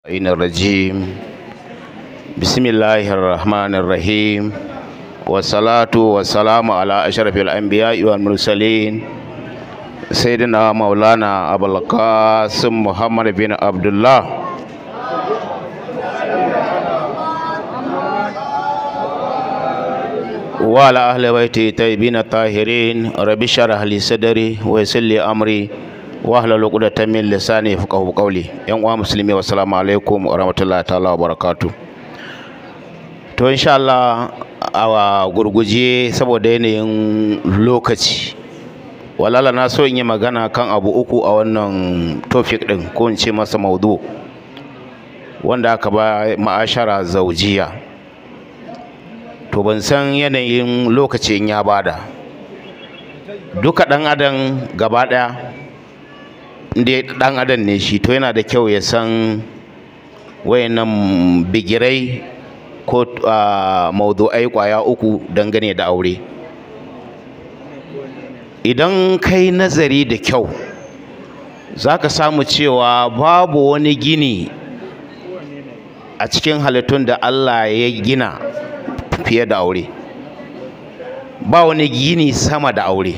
الشيطان الرجيم بسم الله الرحمن الرحيم والصلاة والسلام على أشرف الأنبياء والمرسلين سيدنا مولانا أبو القاسم محمد بن عبد الله وعلى أهل بيتي طيبين الطاهرين ربي شرح لي صدري ويسر لي أمري wa halal ta min lisani yafqahu qawli yan uwa musulmi wa assalamu alaikum wa rahmatullahi ta'ala wa barakatuh to insha Allah a gurguje saboda yanayin lokaci walala na so in yi magana kan abu uku a wannan topic din ko in ce masa maudu wanda aka ba ma'ashara zaujiya to ban san yanayin lokacin ya bada duka ɗan adam gaba ɗaya ya ɗan adam ne shi to yana da kyau ya san wayannan bigirai ko ai kwaya uku dangane da aure idan kai nazari da kyau za ka samu cewa babu wani gini a cikin halittun da Allah ya gina fiye da aure ba wani gini sama da aure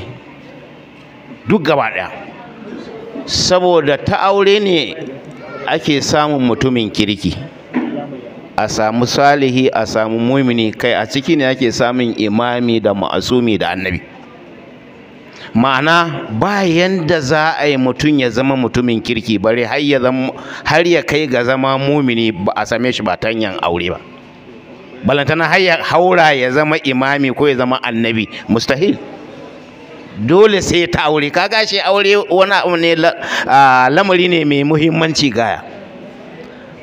duk gaba ɗaya saboda ta aure ne ake samun mutumin kirki a samu salihi a samu mumini kai a ciki ne ake samun imami da ma'asumi da annabi ma'ana ba yanda za a yi mutum ya zama mutumin kirki bare har ya kai ga zama mumini ba a same shi ba tanyan aure ba balantana har ya haura ya zama imami ko ya zama annabi mustahil dole sai ta aure ka shi aure wani abu ne lamari ne mai muhimmanci gaya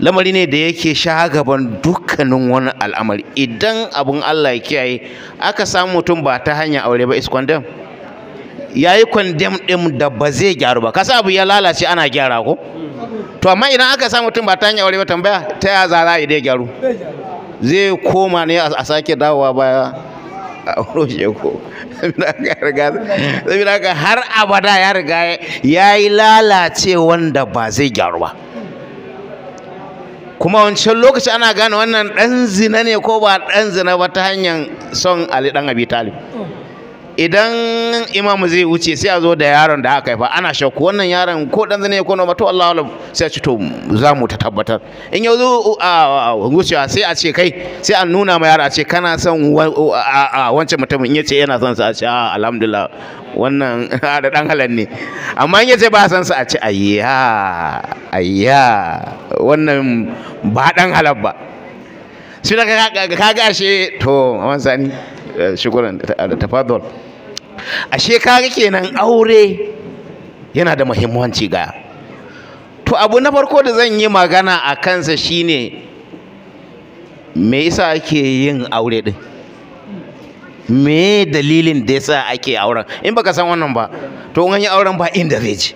lamari ne da yake sha gaban dukkanin wani al'amari idan abun Allah ya kiyaye aka samu mutum ba ta hanyar aure ba is ya yi kwandam ɗin da ba zai gyaru ba kasa abu ya lalace ana gyara ko to amma idan aka samu mutum ba ta hanyar aure ba tambaya ta ya za a gyaru zai koma ne a sake dawowa baya a roshe ko saboda har abada ya riga ya yi lalace wanda ba zai gyaru ba kuma wancan lokaci ana gane wannan ɗan zina ne ko ba ɗan zina ba ta hanyar son ali ɗan abi talib idan imamu zai wuce sai a zo da yaron da aka haifa ana shakku wannan yaron ko dan zane ko nama to Allah alam sai a ce to za mu ta tabbatar in yau a wucewa sai a ce kai sai a nuna ma yaro a ce kana son wancan mutumin in yace yana son sa a ce ah, alhamdulillah wannan da dan halan ne amma in yace ba san sa a ce ayya ayya wannan ba dan halal ba sai kaga kaga to wani sani Eh, shukuran eh, tafadol a shekara kenan aure yana da muhimmanci ga to abu na farko da zan yi magana a kansa shine me yasa ake yin aure din me dalilin da yasa ake auren in baka san wannan ba to an yi auren ba inda zai ji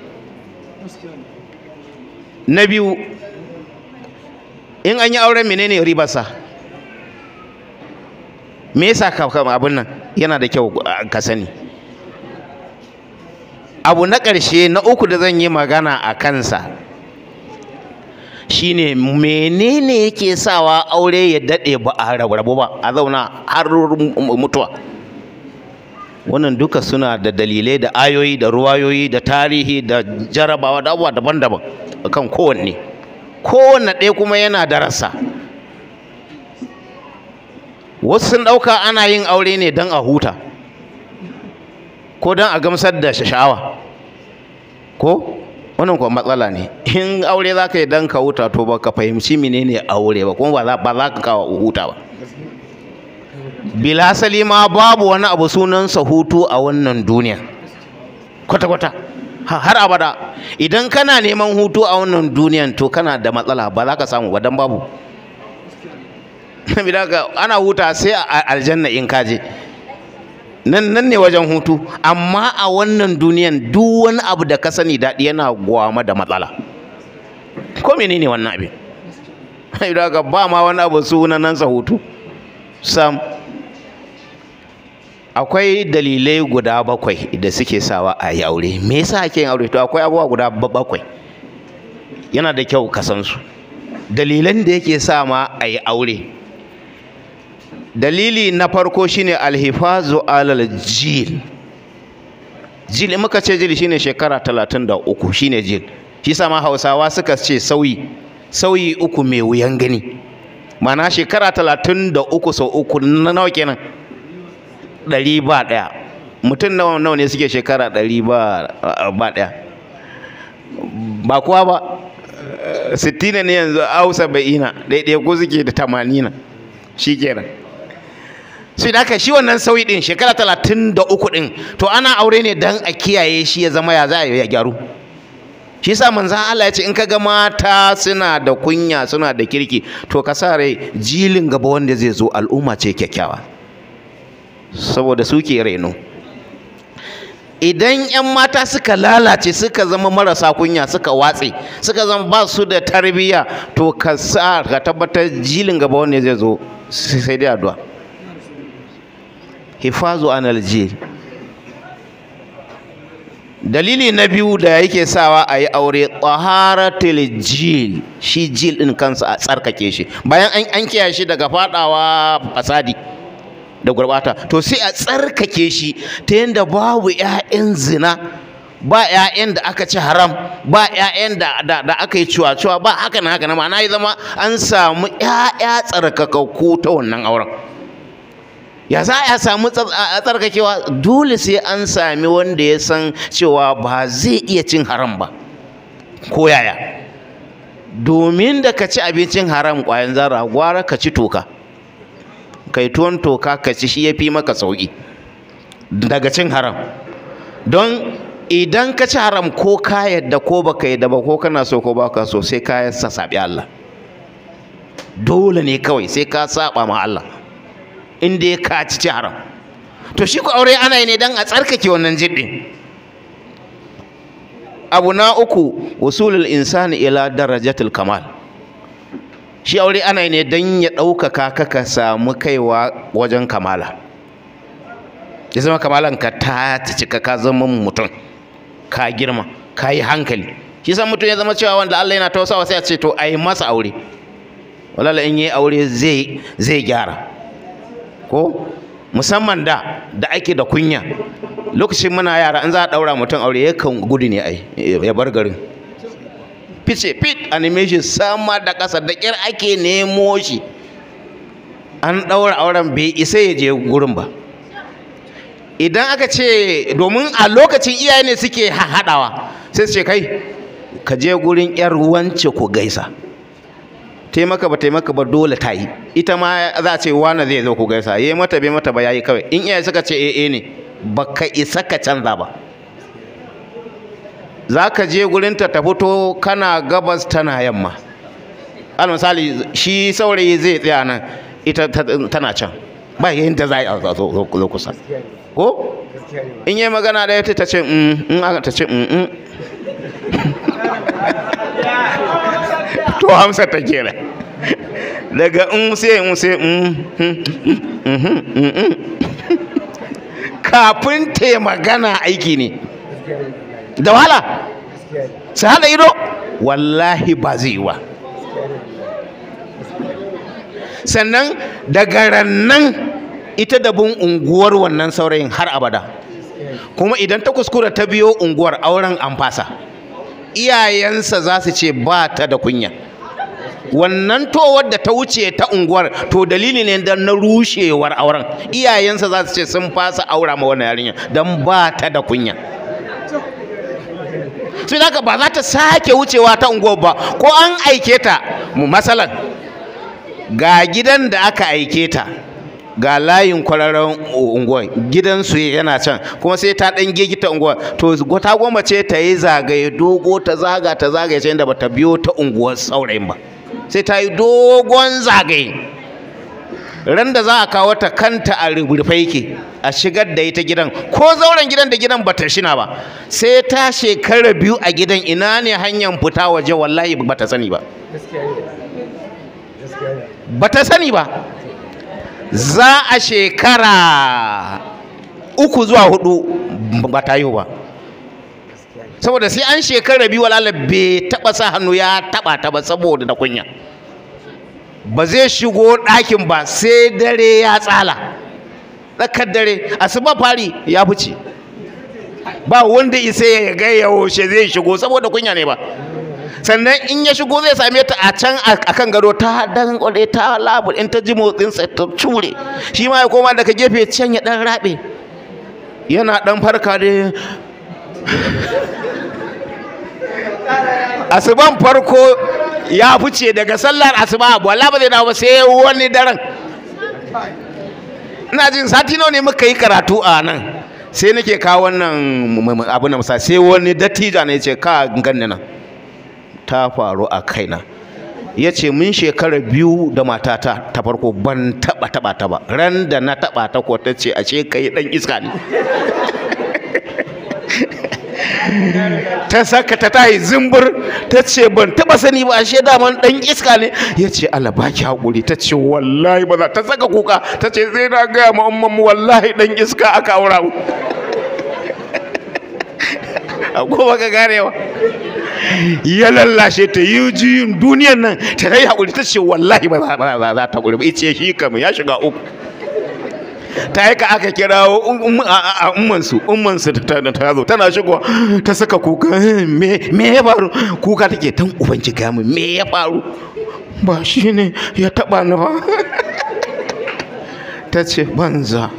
na biyu in an yi auren menene ribarsa me yasa kafin abin nan yana da kyau ka sani abu na ƙarshe na uku da zan yi magana a kansa shine menene yake sawa aure ya daɗe ba a rabu ba a zauna har mutuwa wannan duka suna da dalilai da ayoyi da ruwayoyi da tarihi da jarabawa da abubuwa daban-daban kan kowanne kowanne ɗaya kuma yana darasa wasu sun ɗauka ana yin aure ne don a huta ko don a gamsar da sha'awa ko wannan kuwa matsala ne in aure za ka yi don ka huta to ba ka fahimci menene aure ba kuma ba za ka kawo huta ba bilasali ma babu wani abu sunansa hutu a wannan duniya kwata-kwata har abada idan kana neman hutu a wannan duniyan to kana da matsala ba za ka samu ba don babu ana huta sai a aljanna in kaje nan nan ne wajen hutu amma a wannan duniyan duk wani abu da ka sani daɗi yana gwama da matsala ko menene wannan abin idan ba ma wani abu sa hutu sam akwai dalilai guda bakwai da suke sawa a yi aure me yasa ake yin aure to akwai abubuwa guda bakwai yana da kyau ka san su dalilan da yake sa ma a yi aure dalili na farko shine alhifazu alal jil jil in muka ce jil shine shekara 33 shine jil shi ma hausawa suka ce sauyi sauyi uku mai wuyan gani mana shekara 33 sau uku na nawa kenan ɗari ba ɗaya mutum nawa nawa ne suke shekara ɗari ba ɗaya ba kuwa ba sittina ne yanzu au saba'ina ɗaiɗaiku suke da tamanina shi kenan sai da aka shi wannan sauyi din shekara talatin da uku din to ana aure ne dan a kiyaye shi ya zama ya za a ya gyaru shi yasa Allah ya ce in ka ga mata suna da kunya suna da kirki to ka sa rai jilin gaba wanda zai zo al'umma ce kyakkyawa saboda suke ke reno idan 'yan mata suka lalace suka zama marasa kunya suka watse suka zama ba su da tarbiyya to ka sa ka tabbatar jilin gaba wanda zai zo sai dai addu'a hifazu anal jil dalili na biyu da yake sawa a yi aure taharatul jil shi jil ɗin kansa a tsarkake shi bayan an an kiyaye shi daga fadawa fasadi da gurbata to sai a tsarkake shi ta yadda babu yayan zina ba ƴaƴan da aka ci haram ba ƴaƴan da aka yi cuwa-cuwa ba haka na haka na ma'ana ya zama an samu yaya tsarkakakku ta wannan auren ya za a samu tsarkakewa dole sai an sami wanda ya san cewa ba zai iya cin haram ba ko yaya domin da ka ci abincin haram ƙwayan zara gwara ka ci toka kai tuwon toka ka ci shi ya fi maka sauƙi daga cin haram don idan ka ci haram ko ka yadda ko baka yadda ba ko kana so ko baka so sai ka Allah dole ne kawai sai ka saba ma Allah in ya kaci ci haram to shi ku aure ana yi ne don a tsarkake wannan jiddi abu na uku wasulul insani ila darajatul kamal shi aure ana yi ne don ya ɗaukaka ka ka samu kaiwa wajen kamala ya zama kamalan ka ta cika ka zama mutum ka girma ka yi hankali shi san mutum ya zama cewa wanda Allah yana tausawa sai a ce to ai masa aure wala in yi aure zai zai gyara ko musamman da da ake da kunya lokacin muna yara an za a daura mutum aure yakan gudu ne ai ya bar garin fice fit animation sama da ƙasa da ƙyar ake nemo shi an daura auren bai isa ya je gurin ba idan aka ce domin a lokacin iyaye ne suke haɗawa sai su ce kai ka je gurin 'yar wance ko gaisa taimaka ba taimaka ba dole ta yi ita ma za a ce wani zai zo ku gaisa Ya yi mata bai mata ba ya yi kawai in iyaye suka ce eh, eh ne Ba ka isa ka canza ba za ka je gurinta ta fito kana gabas tana yamma al misali shi saurayi zai tsaya nan ita tana can ba yin da za a yi a zo kusa ko in yi magana da ya ta ce mm, mm, in aka ta ce in mm, to hamsa ta kera daga in sai in sai kafin ta magana aiki ne da wahala su hada ido wallahi ba zai yi wa sannan daga rannan ita da bin unguwar wannan saurayin har abada kuma idan ta kuskura ta biyo unguwar auren an fasa iyayensa za su ce ba ta da kunya wannan towar da ta wuce ta unguwar to dalili ne dan na rushewar auren iyayensa za su ce sun fasa aura ma wannan yarinya dan ba ta da kunya sai daga ba za ta sake wucewa ta unguwar ba ko an aike ta mu masalan ga gidan da aka aike ta ga layin kwararren unguwar gidansu yana can kuma sai ta ɗan gigita unguwar to ta goma ce ta yi zagaye dogo ta zaga ta zagaye ce da bata biyo ta unguwar saurayin ba sai ta yi dogon zagaye ran da za a kawo ta kanta a rufe yake a shigar da ita gidan ko zauren gidan da gidan bata shina ba sai ta shekara biyu a gidan ina ne hanyar fita waje wallahi bata sani ba bata sani ba za a shekara uku zuwa hudu ba ta yi ba saboda sai an shekara biyu wala bai taɓa sa hannu ya taba ta ba saboda na kunya ba zai shigo ɗakin ba sai dare ya tsala tsakar dare asuba fari ya fice ba wanda isa ya ga yaushe zai shigo saboda kunya ne ba sannan in ya shigo zai same ta a can akan gado ta dan ta labu in ta ji motsin sa ta cure shi ma ya koma daga gefe can ya dan rabe yana dan farka da asuban farko ya fice daga sallar asuba wala ba zai dawo ba sai wani daren ina jin sati nawa ne muka yi karatu a nan sai nake kawo wannan abu na musa sai wani dattijo ne ya ce ka ganni nan ta faru a kaina ya ce mun shekara biyu da matata ta farko ban taɓa taɓa ta ba ran da na taɓa ta ko ta ce ashe kai ɗan iska ne ta saka ta tayi zumbur ta ce ban taɓa sani ba ashe daman ɗan iska ne ya ce ala ki haƙuri ta ce wallahi ba za ta saka kuka ta ce zai na gaya ma umman wallahi ɗan iska aka aura mu a goma ka garewa ya lallashe ta yi jiyun duniyan nan ta yi haƙuri ta ce wallahi ba za ta haƙuri ba ice shi kam ya shiga uku ta yi ka aka kirawo um, um, ummansu ummansu ta zo tana shigo ta saka kuka me ya faru kuka take tan ubanci gamu me ya faru ba shi ne ya taɓa ni ba ta ce banza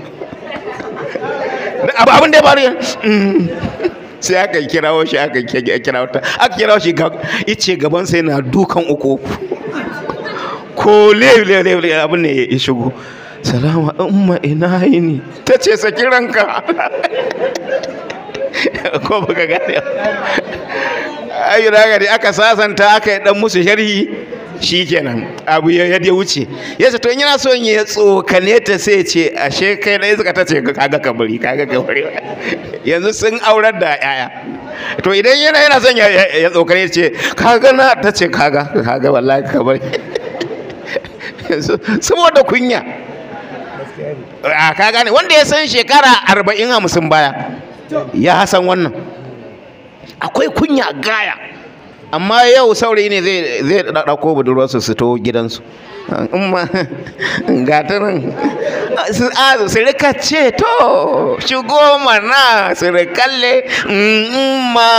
abin da ya faru mm. sai aka kirawo shi aka kirawo ta aka kirawo shi ice gaban sai na dukan uku ko lele abin ne ya shigo salama umma ina yini ta ce saki ranka ko baka gane ayyuka ne aka sasanta aka yi dan musu sharhi shi kenan abu ya ya wuce ya ce to in yana son ya tsokane ta sai ce ashe kai na iska ta ce kaga kabari kaga kabari yanzu sun aurar da yaya to idan yana yana son ya tsokane ta ce kaga na ta ce kaga kaga wallahi kabari saboda kunya a ka gane wanda ya san shekara arba'in hamsin baya ya hasan wannan akwai kunya gaya amma yau saurayi ne zai ko budurwarsu su to gidansu in ma gata nan su rika ce to shigo mana su rikalle in mm, ma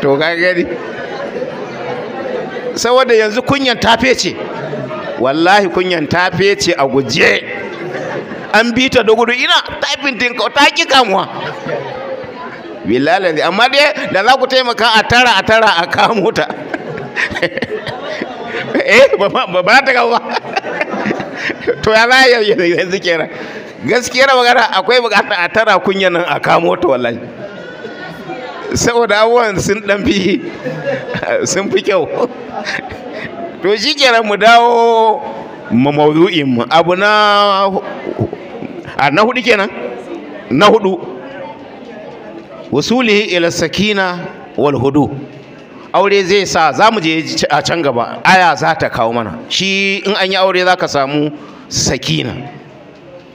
to ka gani saboda yanzu kunyan tafe ce wallahi kunyan tafe ce a guje an bi ta da gudu ina taifin tinka ta ƙi kamuwa billahi amma dai da za ku taimaka a tara a tara a kamo ta eh ba ba ta gawa. to ya za ya yanzu kenan gaskiyar magana akwai bukatar a tara kunya nan a kamo ta wallahi saboda abubuwan sun dan fi sun fi kyau to shi kenan mu dawo mu abu na na hudu kenan na hudu wasulihi ila sakina wal hudu aure zai sa za mu je a can gaba aya za ta kawo mana shi in an yi aure za ka samu sakina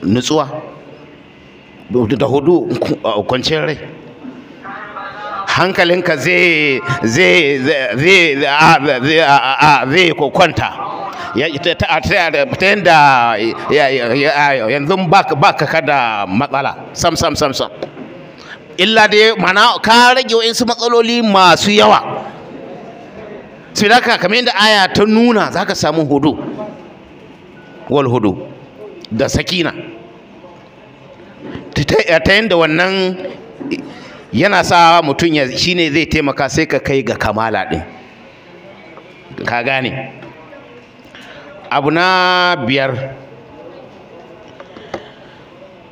nutsuwa da hudu kwanciyar rai hankalinka zai zai kwanta ta yanda yanzu ba ka kada matsala sam sam sam sam illa dai mana ka rage wayansu matsaloli masu yawa sidaka da kamar yadda aya ta nuna za ka samu hudu wal hudu da sakina ta yadda wannan yana sa mutum ya shine zai taimaka sai ka kai ga kamala ɗin ka gane abu na biyar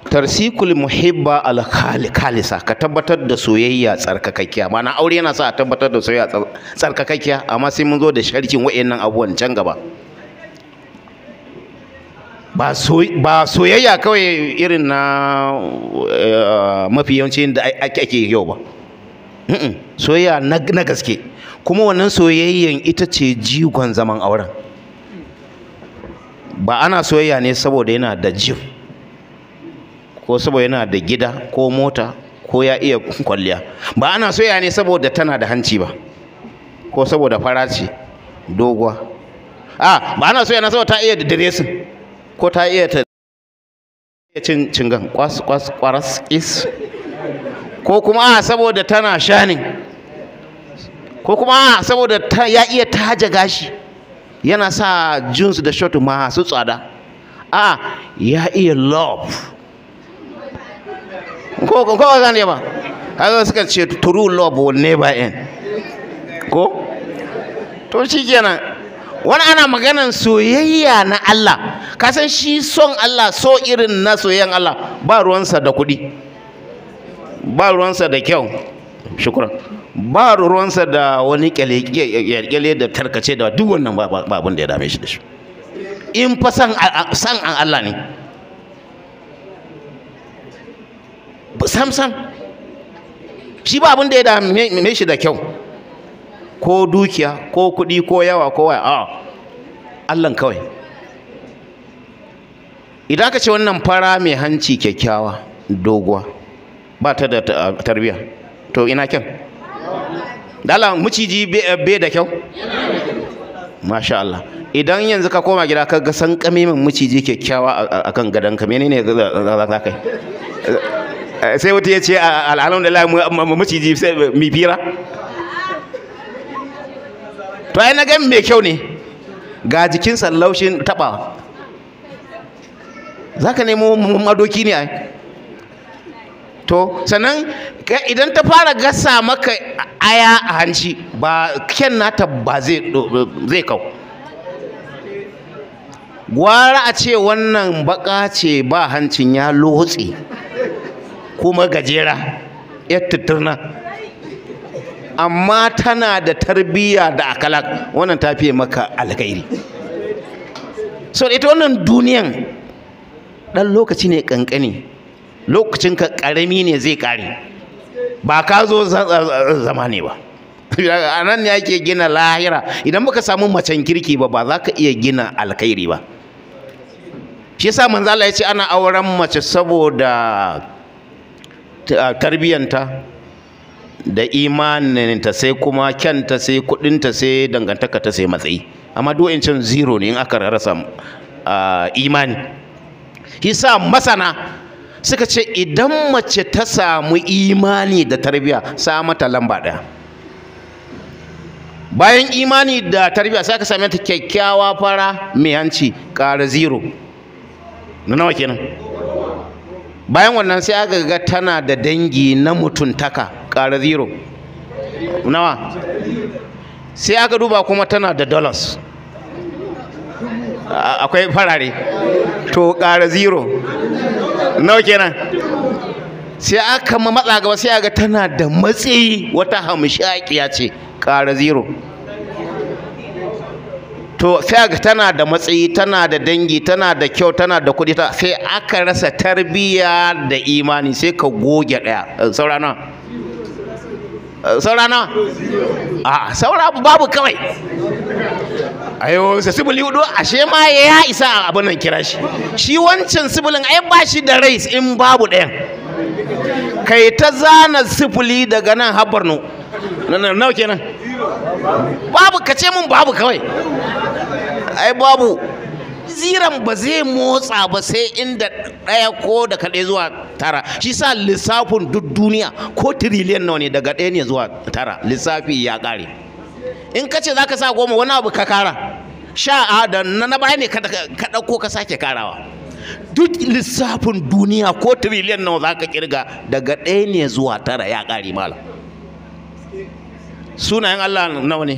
tarsikul muhibba al khalisa ka tabbatar da soyayya tsarkakakkiya ma'ana aure yana sa a tabbatar da soyayya tsarkakakkiya amma sai mun zo da sharkin wayannan abubuwan can gaba ba soyayya kawai irin na eh, mafi yawanci da ake yau ba soyayya na gaske kuma wannan soyayyan ita ce jigon zaman auren ba ana soyayya ne saboda yana da jif ko saboda yana da gida ko mota ko ya iya kwalliya ba ana soya ne saboda tana da hanci ba ko saboda farace doguwa a ba ana soya na saboda ta iya diresin ko ta iya ta cin cingan kwas kwas kwaras is ko kuma a saboda tana shanin ko kuma a saboda ya iya taja gashi yana sa jeans da ma masu tsada a ya iya love ko ko ba ne ba haka suka ce true love will never end ko to shikenan wani ana maganan soyayya na Allah ka san shi son Allah so irin na soyayyan Allah ba ruwansa da kuɗi ba ruwansa da kyau shukran ba ruwansa da wani kyalkyale da tarkace da duk wannan babun da ya dame shi da shi in fa san Allah ne samsam shi ba abin da ya dame shi da kyau ko dukiya ko kuɗi ko yawa ko waya a allan kawai idan ka ce wannan fara mai hanci kyakkyawa doguwa ba ta da tarbiya to ina kyan dala muciji be da kyau masha Allah idan yanzu ka koma gida ka ga san kamimin muciji kyakkyawa akan gadonka menene za ka yi Eh, sai wata ya ce alhamdulillah maciji sai fira to ai na gami mai kyau ne ga jikinsa laushin taɓawa za ka nemo madoki ne ai to sannan idan ta fara gasa maka aya a hanci ba ken nata ba zai kau gwara a ce wannan baka ce ba hancin ya lotse kuma gajera yar tutturna amma tana da tarbiyya da akalak wannan ta fiye maka alkhairi so ita wannan duniyan ɗan lokaci ne kankani, lokacin ka karami ne zai kare ba ka zo zama ne ba a nan ne ake gina lahira idan muka samu macen kirki ba ba za ka iya gina alkhairi ba shi yasa manzala ya ce ana auren mace saboda tarbiyyanta da imaninta sai kuma kyanta sai kudinta sai dangantaka ta sai matsayi amma duk can zero ne in aka rasa imani hisa masana suka ce idan mace ta samu imani da tarbiyya sa mata lamba ɗaya bayan imani da tarbiya sai ka same ta kyakkyawa fara mai hanci kara zero na nawa kenan bayan wannan sai aka ga tana da dangi na mutuntaka ƙara zero nawa sai aka duba kuma tana da dollars akwai farare to ƙara zero nawa kenan sai aka matsa gaba sai aka tana da matsayi wata hamshaƙiya ce ƙara zero to sai ga tana da matsayi tana da dangi tana da kyau tana da kuɗi sai aka rasa tarbiya da imani sai ka goge ɗaya saurana saurana a saura babu kawai ayo sai sibili hudu ashe ma ya isa abin nan kira shi shi wancan sibilin ai ba shi da rais in babu ɗayan kai ta zana sifili daga nan habarno nan nawa kenan babu ka ce min babu kawai ai babu ziran ba zai motsa ba sai inda ɗaya ko da kaɗai zuwa tara shi sa lissafin duk duniya ko triliyan nawa ne daga ɗaya ne zuwa tara lissafi ya ƙare in ka ce za ka sa goma wani abu ka kara sha a da na baya ne ka ɗauko ka sake karawa duk lissafin duniya ko triliyan nawa za ka kirga daga ɗaya ne zuwa tara ya ƙare malam sunayen Allah nawa ne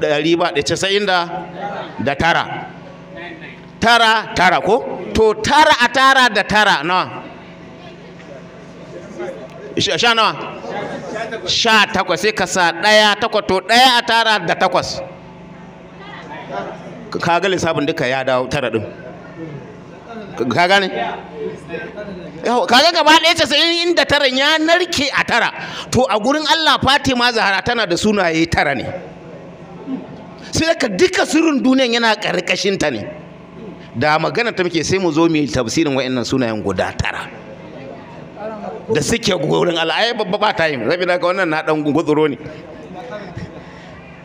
ɗari ba da casa'in da tara tara tara ko to tara a tara da tara nawa sha nawa sha takwas sai ka sa ɗaya takwas to ɗaya a tara da takwas ka ga lissafin duka ya dawo tara ɗin ka gane kaga gaba ɗaya sai inda tara ya narke a tara to a gurin allah fatima zahara tana da sunaye tara ne sai ka duka sirrin duniyan yana karkashin ta ne da magana ta muke sai mu zo mu yi tafsirin wa'annan sunayen guda tara da suke gurin ai babba ba ta yi rabi na ka wannan na ɗan gutsuro ne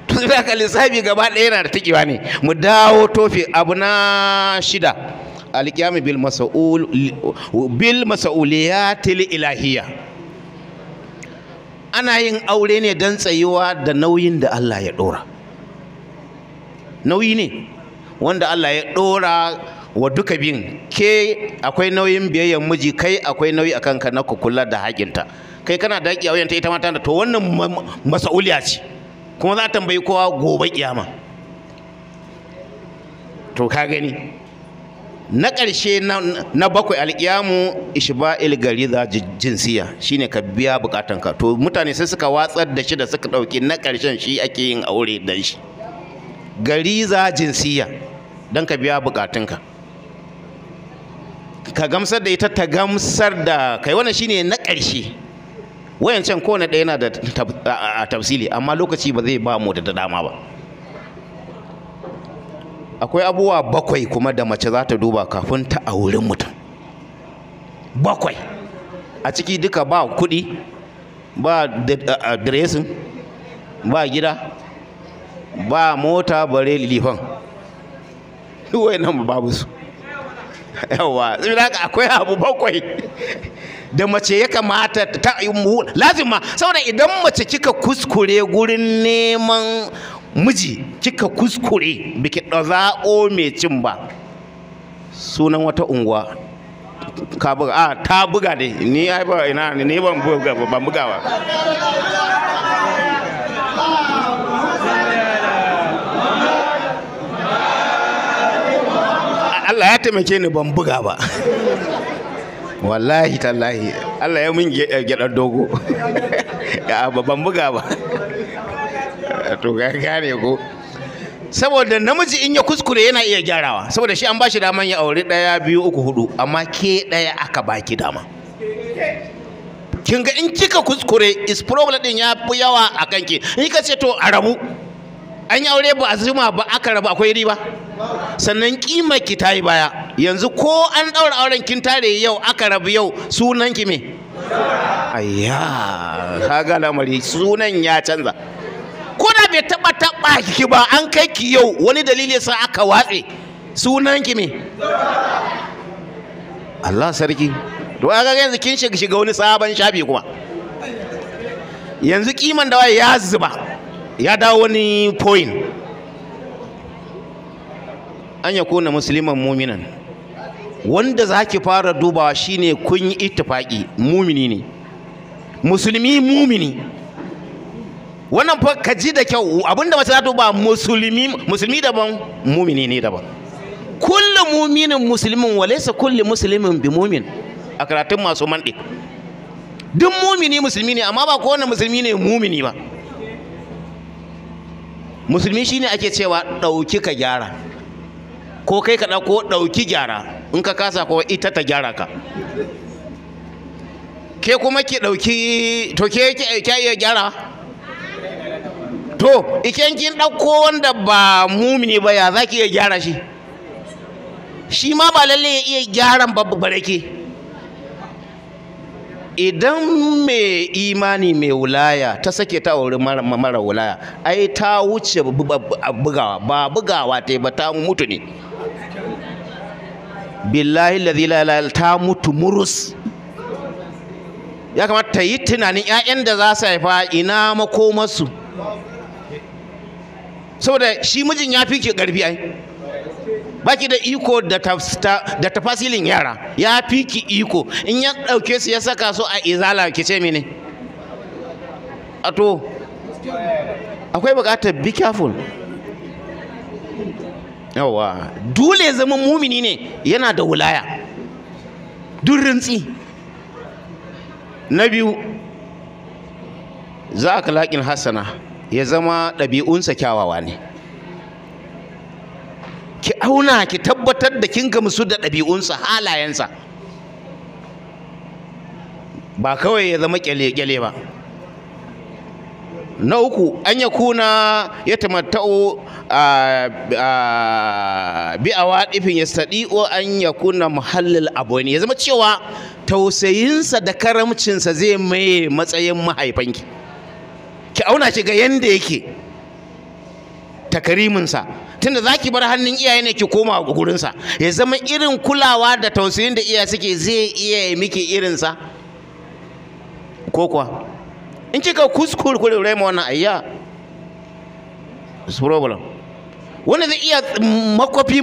tun da ka lissafi gaba ɗaya yana da tikiwa ne mu dawo tofi abu na shida alƙiyami bil mas'ul bil ilahiyya ana yin aure ne don tsayuwa da nauyin da Allah ya dora nauyi ne wanda Allah ya ɗora wa duka bin ke akwai nauyin biyayyar miji kai akwai nauyi akan ka na kula da haƙinta kai kana da haƙi a ta ita mata to wannan masauliya ce kuma za a tambayi kowa gobe kiyama to ka gani na ƙarshe na bakwai alƙiyamu ishba'il ilgari za jinsiya ne ka biya bukatanka to mutane sai suka watsar da shi da suka ɗauki na ƙarshen shi ake yin aure dan shi gari za jinsiya don ka biya buƙatunka. ka gamsar da ita ta gamsar da kai wannan ne na ƙarshe wayancan kowane ɗaya yana da tafsili amma lokaci ba zai ba mu da dama ba akwai abubuwa bakwai kuma da mace za ta duba kafin ta a wurin mutum bakwai a ciki duka ba kuɗi ba diresin ba gida ba mota bare lifan nan babu su yawa haka akwai abu bakwai da mace ya kamata ta yi lazima saboda idan mace kika kuskure gurin neman miji kika kuskure biki ɗaza'o mai cin ba sunan wata unguwa ka buga a ta buga ne ni ai ba ina ne ban buga ba ban buga ba Allah ya taimake ni ban buga ba wallahi tallahi Allah ya mun gyaɗar dogo ban buga ba to gane ko saboda namiji in ya kuskure yana iya gyarawa saboda shi an bashi dama ya auri daya biyu uku hudu amma ke daya aka baki dama kin ga in kika kuskure is problem din ya fi yawa a kanki in ka ce to a rabu an yi aure ba a zuma ba aka rabu akwai riba sannan kima ki ta yi baya yanzu ko an ɗaura auren kin tare yau aka rabu yau sunan ki me ayya ka ga lamari sunan ya canza taɓa taɓa ki ba an kai ki yau wani dalili sa aka watse sunan ki me Allah sarki to aka ga yanzu kin shiga shiga wani sabon shafi kuma yanzu kiman da waye ya zuba ya dawo wani point an ya kona muminan wanda zaki fara dubawa shine kun yi ittifaki mumini ne musulmi mumini wannan fa ka ji da kyau abinda mace za ta ba musulmi musulmi daban mumini ne daban kullu muminin muslimin wa kullu muslimin bi mumin a karatun masu mandi duk mumini musulmi ne amma ba kowane musulmi ne mumini ba musulmi shine ake cewa ɗauki ka gyara ko kai ka dauko ɗauki gyara in ka kasa ko ita ta gyara ka ke kuma ki ɗauki to ke ke iya gyara to ikin kin ɗauko wanda ba mumini ba ya zaki iya gyara shi shi ma ba lalle ya iya gyaran babu barake idan mai imani mai wulaya ta sake ta wurin mara wulaya ai ta wuce bugawa ba bugawa ta ba ta mutu ne billahi lazi ta mutu murus ya kamata ta yi tunanin 'ya'yan da za su haifa ina makomarsu saboda shi mijin ya fi ke ƙarfi ai baki da iko da tafasilin yara ya fi ki iko in ya ɗauke su ya saka su a izala ki ce mene a to akwai buƙatar be careful yawa dole zama mumini ne yana da wulaya duk rintsi na biyu za a kalaƙin hassana ya zama ɗabi'unsa kyawawa ne ki auna ki tabbatar da kin gamsu da ɗabi'unsa halayensa ba kawai ya zama ƙyale ba na uku an ya kuna ya tamatta'u bi a waɗifin ya o an ya kuna muhallil abuwa ya zama cewa tausayinsa da karamcinsa zai maye matsayin mahaifanki ki auna shi ga yanda yake takariminsa tunda za ki bar hannun iyaye ne ki koma gurinsa ya zama irin kulawa da tausayin da iyaye suke zai iya yi miki irinsa ko kuwa in kika kuskure kure rai ma wannan ayya problem wanda zai iya makwafi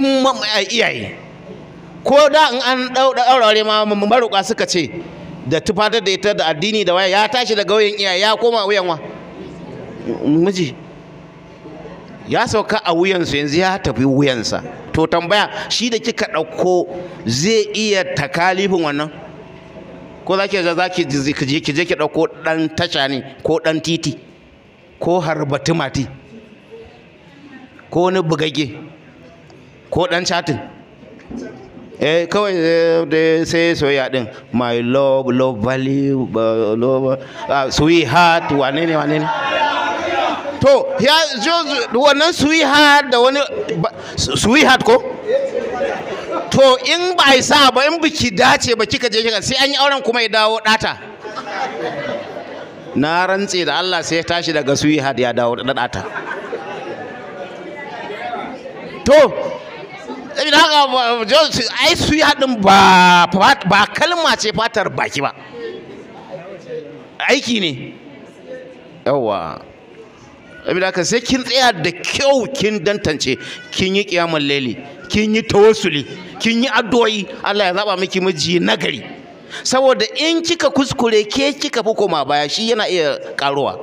iyaye ko da in an daurare ma maruka suka ce da tufatar da ita da addini da waya ya tashi daga wayan iyaye ya koma wayan wa miji ya sauka a wuyansu yanzu ya tafi wuyansa to tambaya shi da kika ɗauko zai iya takalifin wannan ko za ki ga za ki je ki ɗauko ɗan tasha ne ko ɗan titi ko harbati mati ko wani bugage ko ɗan catin eh kawai eh, sai soyayya din my love love value uh, love uh, sweetheart wane ne wane ne to ya wannan sweetheart da wani sweetheart ko to in ba a sa ba in biki dace ba kika je kika sai an yi auren kuma ya dawo data na rantse da Allah sai ya tashi daga sweetheart ya dawo da data to saboda haka ai su din ba ba kalma ce fatar baki ba aiki ne yawwa abin da sai kin tsaya da kyau kin dantance kin yi kiyamul laili kin yi tawassuli kin yi addu'o'i Allah ya zaba miki miji nagari saboda in kika kuskure ke kika fi koma baya shi yana iya karuwa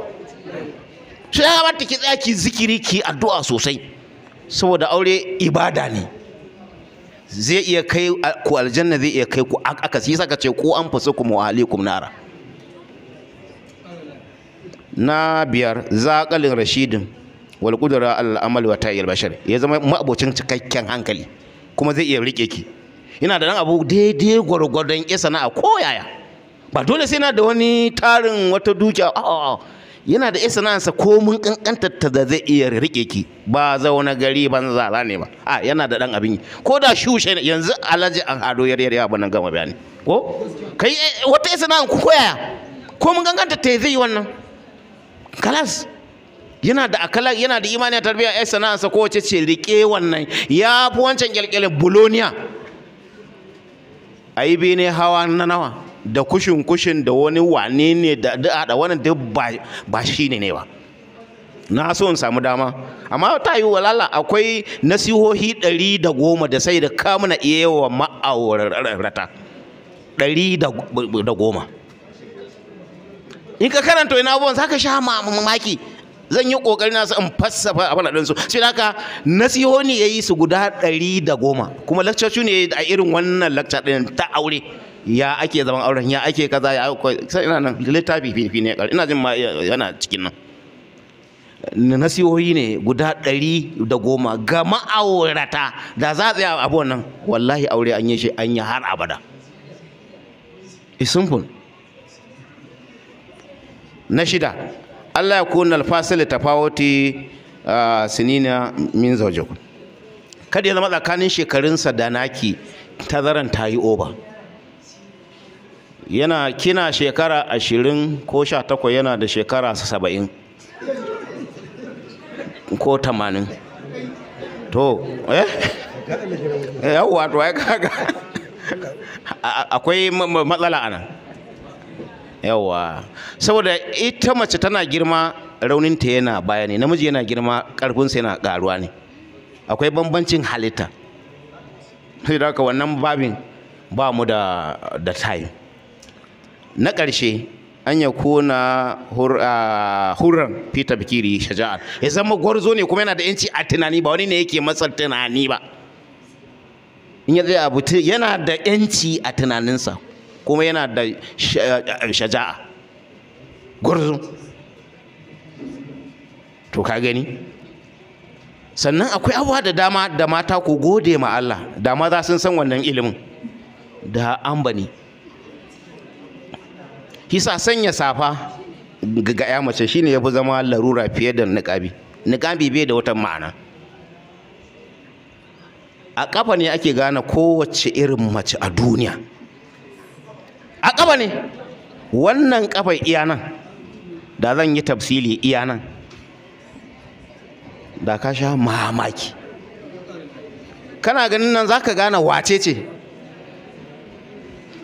shi ya kamata ki tsaya ki zikiri ki addu'a sosai saboda aure ibada ne zai iya kai ku aljanna zai iya kai ku akasi sa ka ce ku anfusukum wa alaikum nara na biyar zaƙalin rashidin walƙudura al’amal wa ta'il bashar ya zama ma'abocin cikakken hankali kuma zai iya rike ki yana da nan abu daidai gwargwadon ya sana a koyaya. ba dole sai yana da wani tarin wata dukiya a'a yana da ya sana'arsa ko mun kankantar ta da zai iya rike ki ba zaune gari ban zara ne ba a yana da dan abin ko da shushe yanzu alhaji an hado yariyar ya banan gama bayani ko kai eh, wata ya sana'a ko koyaya komun mun ta zai yi wannan kalas yana da akala yana da imani a tarbiyya ai sana'arsa ko wace ce rike wannan ya fi wancan kyalkyalin Bolonia. ai ne hawa na nawa da kushin kushin da wani wane ne da da wannan duk ba shi ne ne ba na so in samu dama amma ta yi walala akwai nasihohi ɗari da goma da sai da kamuna iya yawa ma'aurata ɗari da goma in ka karanta wani abubuwan za ka sha mamaki zan yi ƙoƙari na in fassafa a da su sai haka nasiho ne ya yi su guda ɗari da goma kuma lakcacu ne a irin wannan lakca ɗin ta aure ya ake zaman auren ya ake kaza ya sai ina nan littafi fifi ne ina jin ma yana cikin nan nasihohi ne guda ɗari da goma ga ma'aurata da za a tsaya abuwan nan wallahi aure an yi shi an yi har abada it's simple na shida Allah ya kuna alfasili a sinina min zawjakum kada ya zama tsakanin shekarunsa da naki tazaran ta yi oba yana kina shekara ashirin ko sha takwai yana da shekara saba'in ko tamanin to eh, eh yawwa to ai kaga akwai matsala anan yawa saboda ita mace tana girma rauninta yana baya ne namiji yana girma ƙarfinsa yana ƙaruwa ne akwai bambancin halitta sai da wannan babin ba mu da da time na ƙarshe an ya kona ah, hurran fita bikiri shaja'a ya zama gwarzo ne kuma yana da yanci a tunani ba wani ne yake masa tunani ba in ya abu yana da yanci a tunaninsa kuma yana da eh, shaja'a gurzu to ka gani sannan akwai abuwa da dama da mata ku gode ma Allah da maza sun san wannan ilimin da ambani hisa sanya safa ga ya mace shine yafi zama larura fiye da niqabi niqabi bai da wata ma'ana a kafa ne ake gane kowace irin mace a duniya a ƙafa ne wannan ƙafa iya nan da zan yi tafsili iya nan da ka sha mamaki kana ganin nan za ka gane wace ce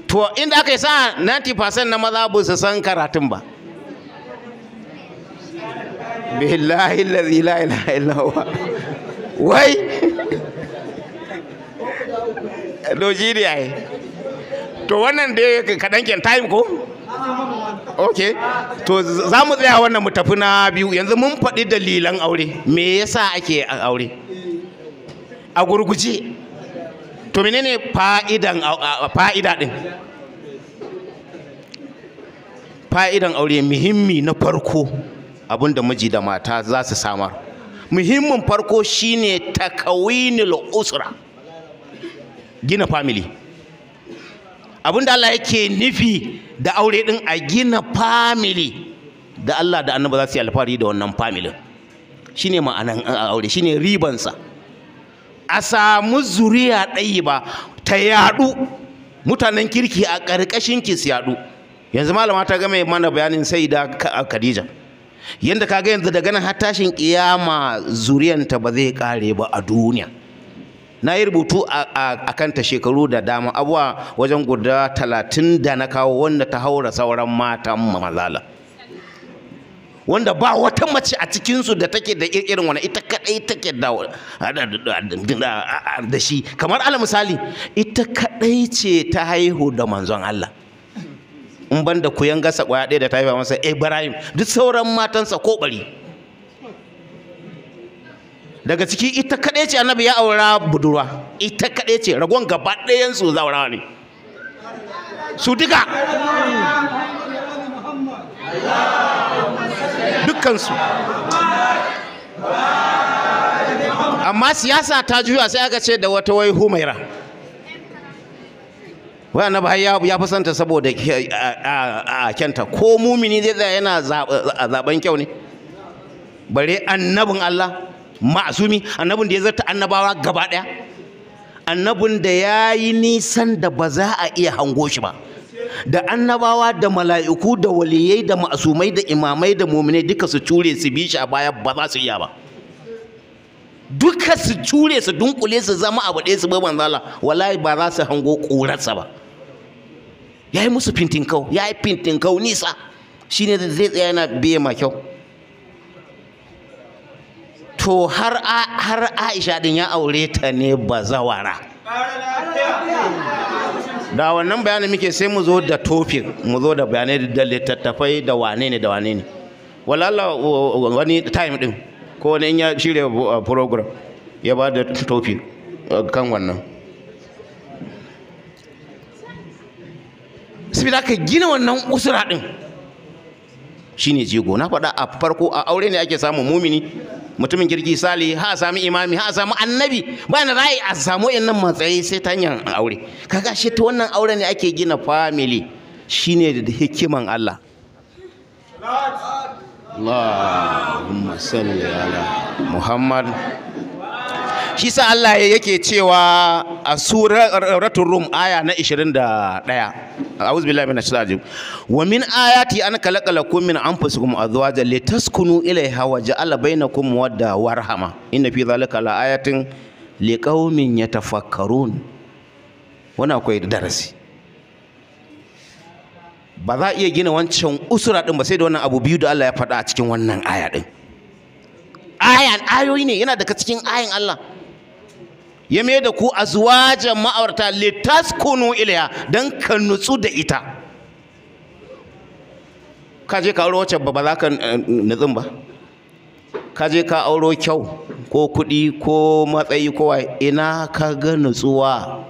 to inda aka yi sa 90% na maza ba su san karatun ba billahi allazi la ilaha illa wai wai yi. to wannan dai kaɗan ken time ko ok to za mu tsaya wannan mu tafi na biyu yanzu mun faɗi dalilan aure me yasa ake aure a gurguje to menene fa'idan fa'ida din fa'idan aure muhimmi na farko abinda miji da mata za su samar muhimmin farko shine takawinul usra gina family abinda Allah yake nufi da aure din a gina family da Allah da annabi za su yi alfahari da wannan family shine ma'anan aure shine ribansa a samu zuriya ɗayi ba ta yaɗu mutanen kirki a ƙarƙashin ki su yaɗu yanzu malama ta ga mai mana bayanin sai da Khadija yanda kaga yanzu daga nan har tashin kiyama zuriyanta ba zai kare ba a duniya na yi rubutu a kanta shekaru da dama abuwa wajen guda talatin da na kawo wanda ta haura sauran matan malala wanda ba wata mace a cikinsu da take da irin wani ita kadai take da shi kamar ala misali ita kadai ce ta haihu da manzon Allah in ban da kuyan gasa kwaya ɗaya da ta haifa masa Ibrahim duk sauran matansa ko bari daga ciki ita kaɗai ce annabi ya aura budurwa ita kaɗai ce ragon gaba ɗayan su aura ne su duka su amma siyasa ta juya sai aka ce da wata wai humaira wai annabi har ya fi santa saboda a kyanta ko mumini zai tsaya yana zaben kyau ne bare annabin Allah ma'asumi annabin da ya zarta annabawa gaba ɗaya annabin da ya yi nisan da ba za a iya hango shi ba da annabawa da mala'iku da waliyai da ma'asumai da imamai da muminai duka su cure su bi shi a baya ba za su iya ba duka su cure su dunkule su zama a ɗaya su bai zala wallahi ba za su hango ƙurarsa ba ya yi musu fintinkau ya yi fintinkau nisa shine zai tsaya yana biya ma kyau to har Aisha din ya aure ta ne ba zawara? da wannan bayanin muke sai mu zo da tofin mu zo da bayanai da littattafai da wane ne da wane ne walala wani time din ko wani in ya shirya uh, program ya ba da tofin uh, kan wannan da ka gina wannan usura din shine jego na faɗa a farko a aure ne ake samun mumini mutumin girgi sali ha samu imami ha samu annabi ba na ra'ayi a samu nan matsayi sai ta hanyar aure kaga shi ta wannan auren ne ake gina family shine da hikiman Allah Allahumma salli ala Muhammad shi sa Allah yake cewa a suratul rum aya na 21 a'udhu billahi minash shaitanir wa min ayati an khalaqa lakum min anfusikum azwajan litaskunu ilayha wa ja'ala bainakum wadda warhama. rahma inna fi dhalika la ayatin liqaumin yatafakkarun wannan akwai darasi ba za a iya gina wancan usura din ba sai da wannan abu biyu da Allah ya faɗa a cikin wannan aya din ayan ayoyi ne yana daga cikin ayan Allah ya mai da ku a azwajan ma'aurata litaskunu iliya don ka nutsu da ita ka je ka aure wacce ba za ka eh, nutsun ba ka je ka auro kyau ko kuɗi ko matsayi kowa ina ka ga nutsuwa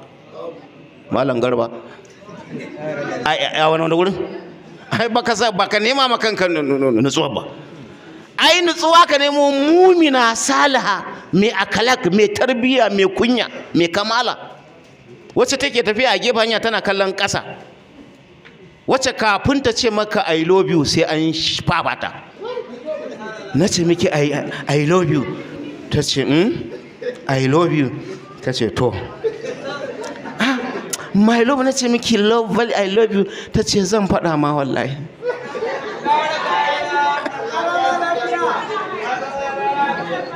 malam garba a wani wani wurin ai baka nema ma ka nutsuwa ba ai nutsuwa ka nemo mumina salaha mai akalak mai tarbiya mai kunya mai kamala wacce take tafiya a gefen hanya tana kallon ƙasa wacce kafin ta ce maka i love you sai an fafata na ce miki i love you ta ce hmm? i love you ta ce to ah, my love na ce miki love i love you ta ce zan faɗa ma wallahi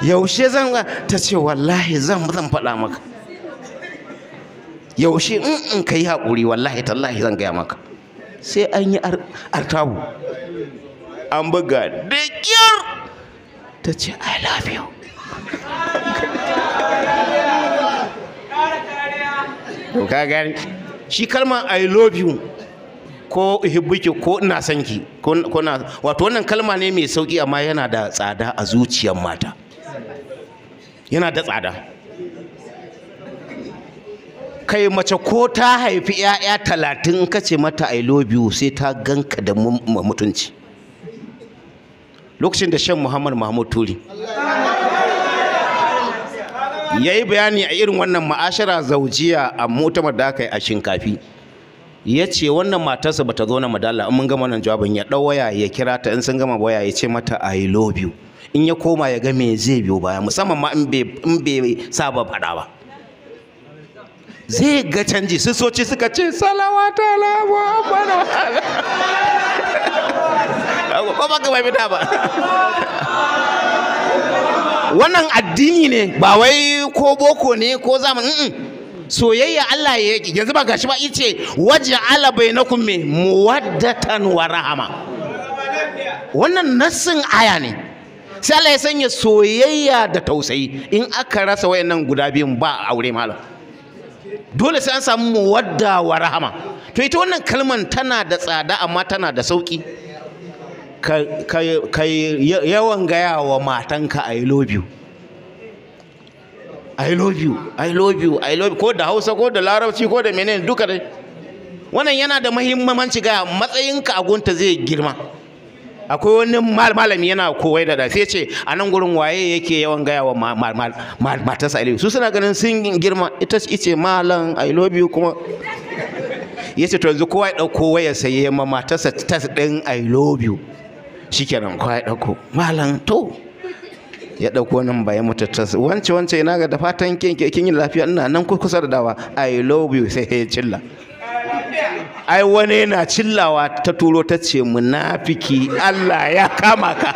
yaushe zan ta ce wallahi zan zan faɗa maka yaushe in in ka yi haƙuri wallahi tallahi zan gaya maka sai an yi artabu an buga da kyar ta ce i love you ka gani shi kalma i love you ko hibbuki ko ina sanki ko na wato wannan kalma ne mai sauki amma yana da tsada a zuciyar mata yana da tsada kai mace ko ta haifi 'ya'ya talatin ka ce mata i love you sai ta ganka da mutunci lokacin da shan muhammad mahmud turi ya yi bayani a irin wannan ma'ashara zaujiya a mutamar da aka yi a shinkafi ya ce wannan matarsa ta zo na madala in mun gama nan jawabin ya ɗau ya kira ta in sun gama waya ya ce mata i love you in ya koma ya ga me zai biyo baya musamman ma in bai saba fada ba zai ga canji su soci suka ce salawata ta muhammadu ko ba ba bai fita ba wannan addini ne ba wai ko boko ne ko zamani soyayya Allah ya yi yanzu ba gashi ba ice waje ala bai na kun me muwaddatan wa rahama wannan nassin aya ne sai Allah ya sanya soyayya da tausayi in aka rasa wayannan guda biyun ba aure malam dole sai an samu muwadda wa rahama to ita wannan kalman tana da tsada amma tana da sauki ka yawan gaya wa matanka I love you I love you I love you I love you ko da Hausa ko da Larabci ko da menene duka dai wannan yana da muhimmanci ga matsayinka a gunta zai girma akwai wani malami yana kowai da sai ce a nan gurin waye yake yawan gaya wa matarsa aliyu su suna ganin sun girma ita ce malam i love you kuma ya ce to yanzu kowa ya ɗauko waya sai ma matarsa tas ɗin i love you shikenan kowa ya ɗauko malam to ya ɗauko nan bayan matattas. wance wance yana ga da fatan kin yi lafiya ina nan kusa da dawa i love you sai ya cilla ai wani yana cillawa ta turo ta ce munafiki Allah ya kama ka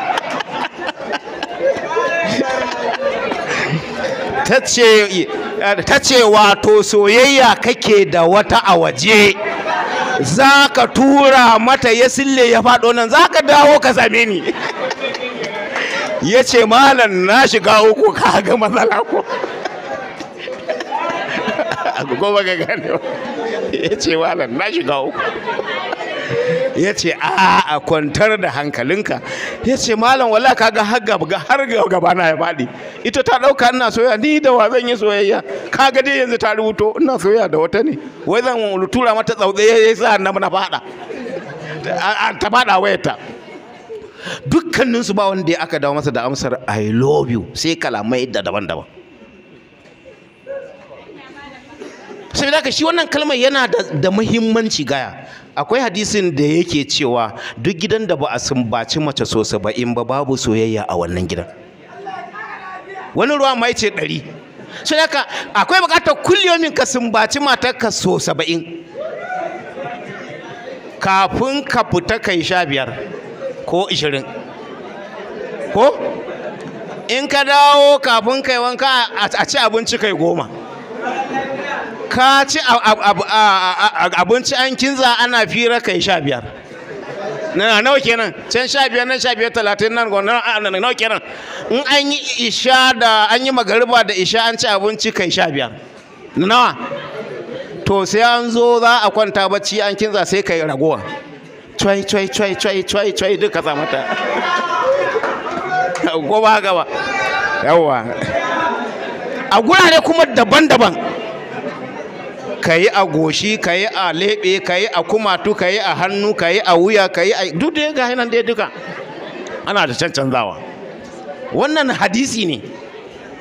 ta ce wato soyayya kake da wata a waje za ka tura mata ya sille ya fado nan za ka dawo ka same ni ya ce malam na shiga uku ka ga matsala ko ba gane ba ya ce na shiga uku ya ce a kwantar da hankalinka ya ce malam wala ka ga har gaba na ya faɗi ita ta ɗauka ina soya, ni da wa zan yi soyayya ka ga dai yanzu ta rubuto ina soyayya da wata ne wai zan tura mata tsautsa ya sa na na faɗa ta faɗa wayarta dukkaninsu ba wanda aka dawo masa da amsar i love you sai kalamai da daban-daban saboda ka shi wannan kalmar yana da muhimmanci gaya akwai hadisin da yake cewa duk gidan da ba a sumbaci mace so saba'in ba babu soyayya a wannan gidan wani ruwa mai ce ɗari sai haka akwai bukatar kulliyomin ka sumbaci ka so saba'in kafin ka fita kai sha biyar ko ishirin ko in ka dawo kafin kai wanka a ci abinci kai goma ka ci abinci an kinza ana fira kai sha biyar nawa kenan can sha biyar nan sha biyar talatin nan gwanon nawa kenan in an yi isha da an yi magariba da isha an ci abinci kai sha biyar nawa to sai an zo za a kwanta bacci an kinza sai kai ragowa cwai cwai cwai cwai cwai cwai duka za mata ba gaba yawwa a gurare kuma daban-daban ka yi a goshi ka yi a leɓe ka yi a kumatu ka yi a hannu ka yi a wuya ka yi a duk da ga nan dai duka ana da zawa. wannan hadisi ne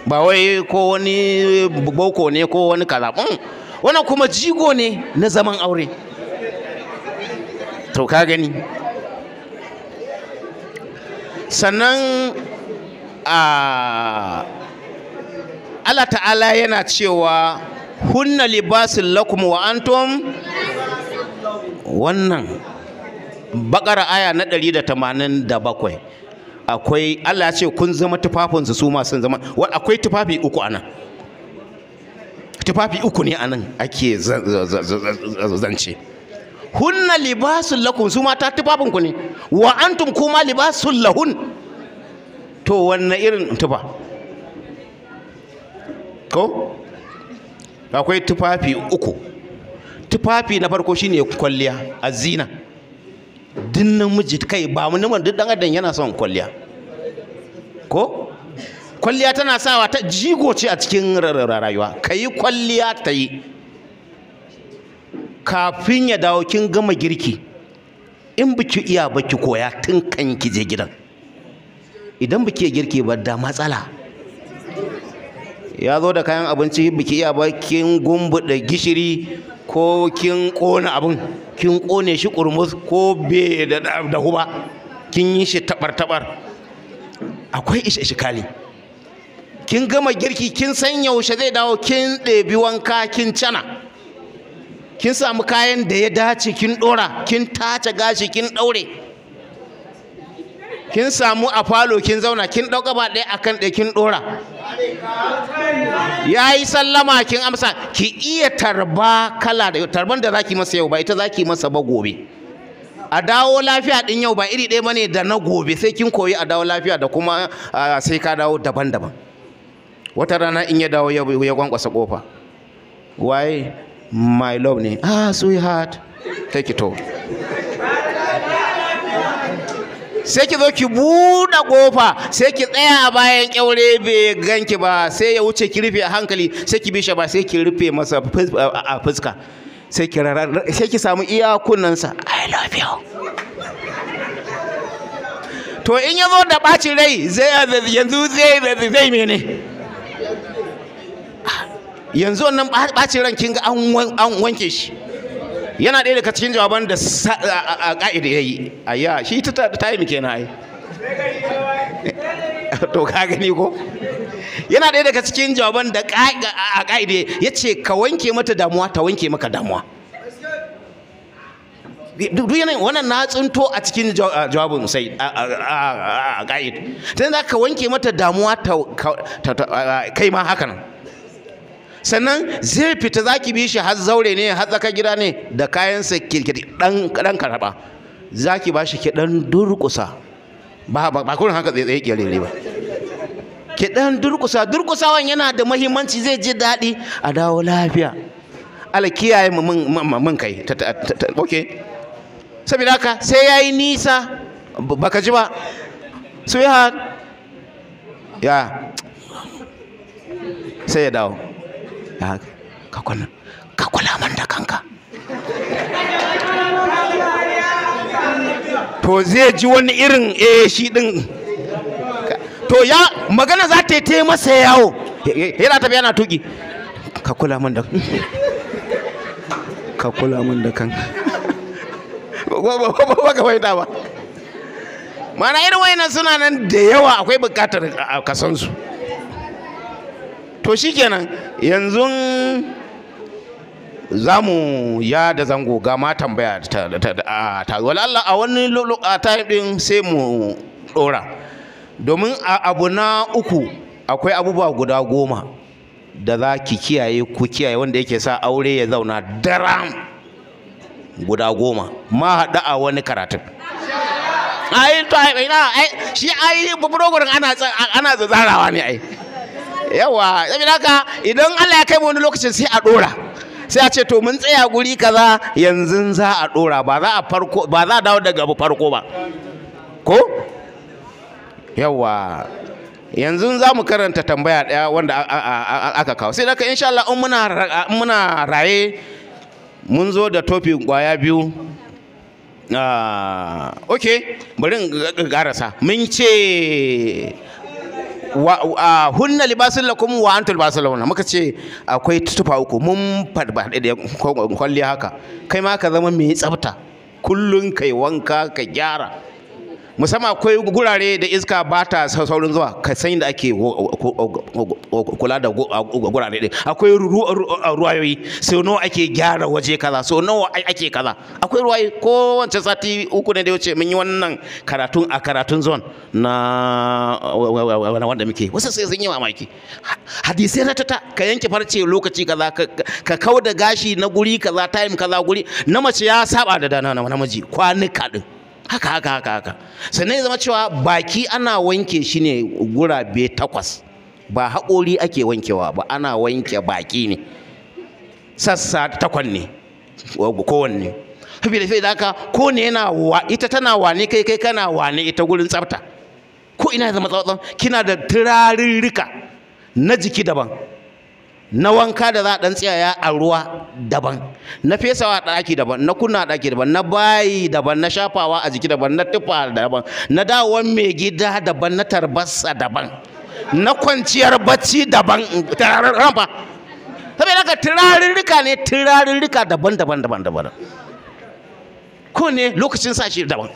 ba wai ko wani boko ne ko wani kaza mm. wannan kuma jigo ne na zaman aure to ka gani sannan a ah, Allah ta'ala yana cewa hunna libasin lakum wa antum wannan bakara aya na 187 akwai Allah ya ce kun zama tufafin su ma sun zama akwai tufafi uku anan tufafi uku ne anan ake zance hunna libasul lakum su mata tufafin ku ne wa antum kuma libasul lahun to wannan irin tufa ko akwai tufafi uku tufafi na farko shine kwalliya azina din namiji kai ba mu nan duk dan adam yana son kwalliya ko kwalliya tana sawa ta jigo ce a cikin rayuwa kayi kwalliya ta yi kafin ya dawo kin gama girki in biki iya baki koya tun kan ki je gidan idan biki girki ba da matsala ya zo da kayan abinci biki iya ba kin da gishiri ko kin ƙona abin kin ƙone shi ƙurmus ko be da dahu ba kin yi shi tabar-tabar akwai ishe-she ishikali kin gama girki kin san yaushe zai dawo kin ɗebi wanka kin cana kin samu kayan da ya dace kin ɗora kin tace gashi kin ɗaure kin samu a falo kin zauna kin ɗauka ba ɗaya akan ɗaya kin ɗora ya yi sallama kin amsa ki iya tarba kala da tarban da zaki masa yau ba ita zaki masa ba gobe a dawo lafiya ɗin yau ba iri ɗaya bane da na gobe sai kin koyi a dawo lafiya da kuma sai ka dawo daban-daban wata rana in ya dawo ya kwankwasa kofa waye my love ne ah sweetheart take it all sai ki zo ki buɗe ƙofa sai ki tsaya bayan ƙyaure bai ganki ba sai ya wuce ki rufe a hankali sai ki bishe ba sai ki rufe masa a fuska sai ki sai ki samu iya i love you to in ya zo da ɓacin rai zai yanzu zai zai mene yanzu wannan ɓacin ran kin ga an wanke shi yana ɗaya daga cikin jawaban da a ƙa'ida ya yi ayya shi ta time na ai to ka gani ko yana ɗaya daga cikin jawaban da a ƙa'ida ya ce ka wanke mata damuwa ta wanke maka damuwa duk yanayin wannan na tsinto a cikin jawabin sai a ƙa'ida ta yanzu ka wanke mata damuwa ta kai ma hakan sannan zai fita za ki bi shi har zaure ne har tsaka gida ne da kayansa kirkiri ɗan karaba. za ki ba shi ki ɗan durƙusa ba ba kurin haka tsaye tsaye ba ki ɗan durƙusa durƙusawan yana da muhimmanci zai ji daɗi a dawo lafiya ala kiyaye mun kai ok saboda haka sai ya yi nisa baka ji ba sweetheart ya sai ya dawo ka kula ka kula man da kanka to zai ji wani irin A eh, shi din to ya magana za ta yi masa yawo yana tafi yana tuki ka kula man da ka kula man da kanka ba ka fahimta ba mana irin wayanan suna nan da yawa akwai bukatar a kasansu to shikenan yanzu za mu ya da zango ga ma tambaya ta Allah a wani a time din sai mu dora domin a abu na uku akwai abubuwa guda goma da za ki kiyaye ku kiyaye wanda yake sa aure ya zauna daram guda goma ma haɗa a wani karatun ai to ai ai shi ai ana ana zazarawa ne ai yawa saboda haka idan Allah ya kai mu wani lokacin sai a dora sai a ce to mun tsaya guri kaza yanzu za a dora ba za a farko ba za a dawo daga abu farko ba ko yawa yanzu za mu karanta tambaya ɗaya wanda aka kawo sai daga insha Allah in muna raye mun zo da tofi kwaya biyu ok bari in karasa mun ce hunna libasul lakum wa antum libasul muka ce akwai tutufa uku mun farba da kwalliya haka kai ma ka zama mai tsafta kullun kai wanka ka gyara musamman akwai gurare da iska ba ta saurin zuwa ka san da ake kula da gurare din akwai ruwayoyi sau nawa ake gyara waje kaza sau nawa ake kaza akwai ruwayi ko wance sati uku ne da wuce mun yi wannan karatun a karatun zone na wanda muke wasu sai sun yi mamaki hadisai na tata ka yanke farce lokaci kaza ka kau da gashi na guri kaza time kaza guri na mace ya saba da dana na namiji kwanuka din haka haka haka haka sannan ya zama cewa baki ana wanke shi ne gurabe takwas ba haƙori ake wankewa ba ana wanke baki ne sassa takwan ne kowanne da fai da ko ne yana wa ita tana wane kai kai kana wane ita gurin tsafta ko ina zama tsawatsan kina da rika na jiki daban na wanka da za a dan tsiyaya a ruwa daban na fesawa a ɗaki daban na kunna a ɗaki daban na bayi daban na shafawa a jiki daban na tufa daban na dawon mai gida daban na tarbarsa daban na kwanciyar bacci daban rafa saboda haka turarurruka ne turarirrika daban daban daban daban ko ne lokacin sa daban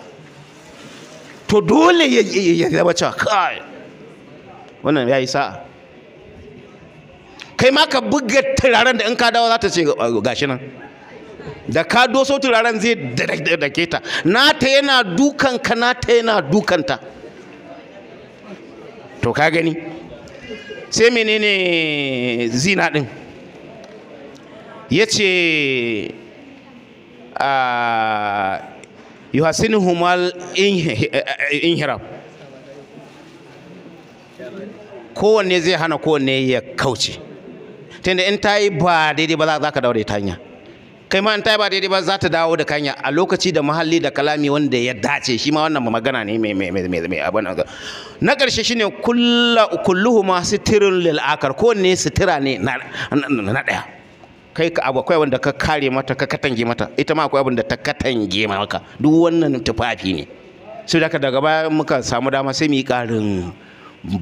to dole ya zama cewa kai wannan ya yi sa'a kai ma ka buga turaren da in ka dawo za ta ce shi nan da ka doso turaren zai dake ta Na ta yana dukan ka ta yana dukanta to ka gani sai menene zina din ya ce ah, yuhasinu humal inhiram kowanne zai hana kowanne ya kauce tunda in ta yi ba daidai ba za ka dawo da ita hanya kai ma in ta yi ba daidai ba za ta dawo da kanya a lokaci da muhalli da kalami wanda ya dace shi ma wannan magana ne mai mai mai mai abin na ƙarshe shine kullu kulluhuma sitirun lil akar ko ne sitira ne na ɗaya kai ka abu akwai wanda ka kare mata ka katange mata ita ma akwai abin da ta katange maka duk wannan tufafi ne sai da ka daga baya muka samu dama sai mu yi ƙarin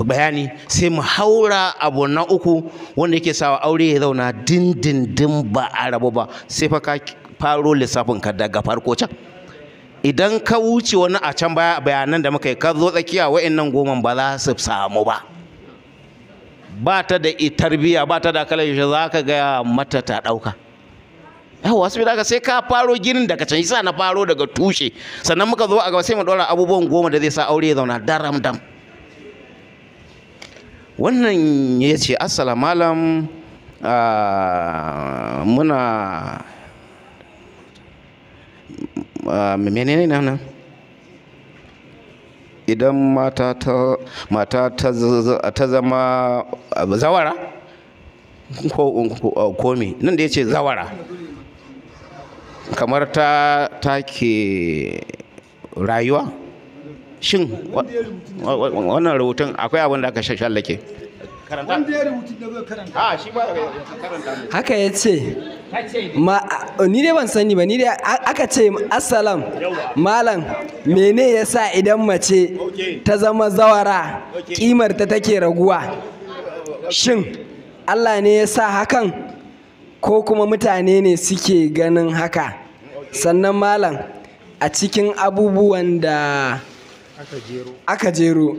bayani sai mu haura abu na uku wanda yake sawa aure ya zauna dindindin ba a rabu ba sai fa ka faro lissafin ka daga farko can idan ka wuce wani a can baya bayanan da muka yi ka zo tsakiya wa'annan goma ba za su samu ba ba ta da tarbiya ba ta da kalar yaushe za ka gaya mata ta ɗauka yawa wasu bi sai ka faro ginin daga can yasa na faro daga tushe sannan muka zo a gaba sai mu ɗora abubuwan goma da zai sa aure ya zauna daram dam wannan ya ce assala malam ah, muna ah, menene ne nan idan mata ta zama ah, zawara ko me nan da ya ce zawara kamar ta ke rayuwa shin wannan rubutun akwai abin da aka shallake ah, haka ya ce ni dai ban sani ba ni dai aka ce assalam malam mene ya sa idan mace ta zama zawara kimar ta take raguwa shin allah ne ya sa hakan ko kuma mutane ne suke ganin haka sannan malam a cikin abubuwan da aka jero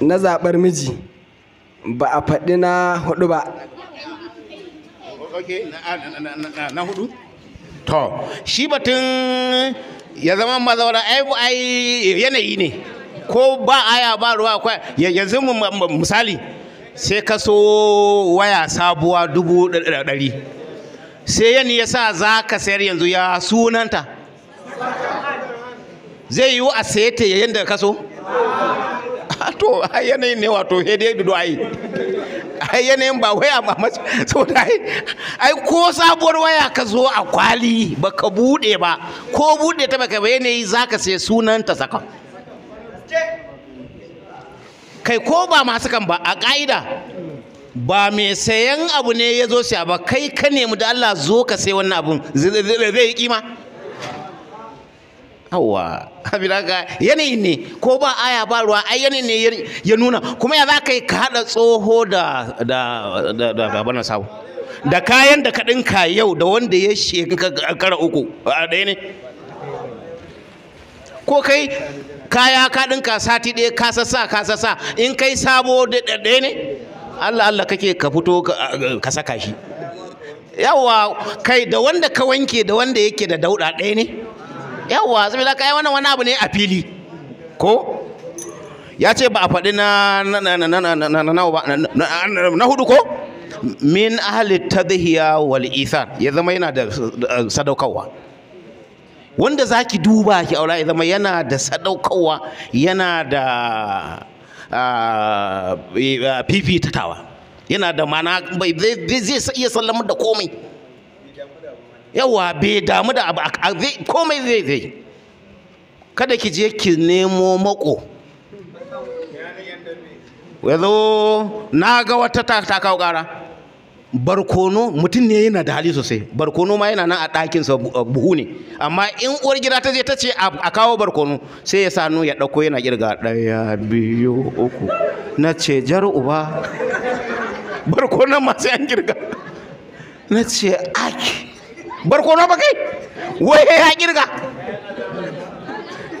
na zaɓar miji ba a faɗi na hudu ba na hudu to shi batun ya zama mazaura ai yanayi ne ko ba aya ba ruwa akwai yanzu misali sai ka so waya sabuwa dubu ɗari sai yani ya sa za ka sayar yanzu ya sunanta zai yiwu a saye ta yayin da kaso ah, to ai yanayin ne wato hede da ai ai yanayin ba waya ba mace saboda ai ai ko sabuwar waya ka zo a kwali ba ka bude ba ko bude ta baka ba za ka sai sunan ta saka kai ko ba masu kan ba a ka'ida ba mai sayan abu ne ya zo siya ba kai ka nemi da Allah zo ka sai wannan abun zai yi kima hawa abinaka yanayi ne ko ba aya ba ruwa ai yanayi ne ya nuna kuma ya za ka yi ka haɗa tsoho da da da sabo da kayan da ka yau da wanda ya shekara uku a ɗaya ne ko kai kaya ka ɗinka sati ɗaya ka sassa ka sassa in kai sabo da ɗaya ne Allah Allah kake ka fito ka saka shi yawa kai da wanda ka wanke da wanda yake da dauɗa ɗaya ne yawwa saboda kai wannan wani abu ne a fili ko ya ce ba a faɗi na na hudu ko min ahli tadhiya wal ithar ya zama yana da sadaukarwa wanda zaki duba ki aura ya zama yana da sadaukarwa yana da fifitatawa yana da mana zai iya sallamar da komai yawa bai damu da abu komai zai zai kada ki je ki nemo mako yazo na ga wata ta kawo barkono mutum ne yana da hali sosai barkono ma yana nan a ɗakinsa buhu ne amma in uwar gida ta je ta ce a kawo barkono sai ya sanu ya ɗauko yana ƙirga ɗaya biyu uku na ce jar uba barkonon masu yan ƙirga na ce ake. kono ba kai wai ya kirga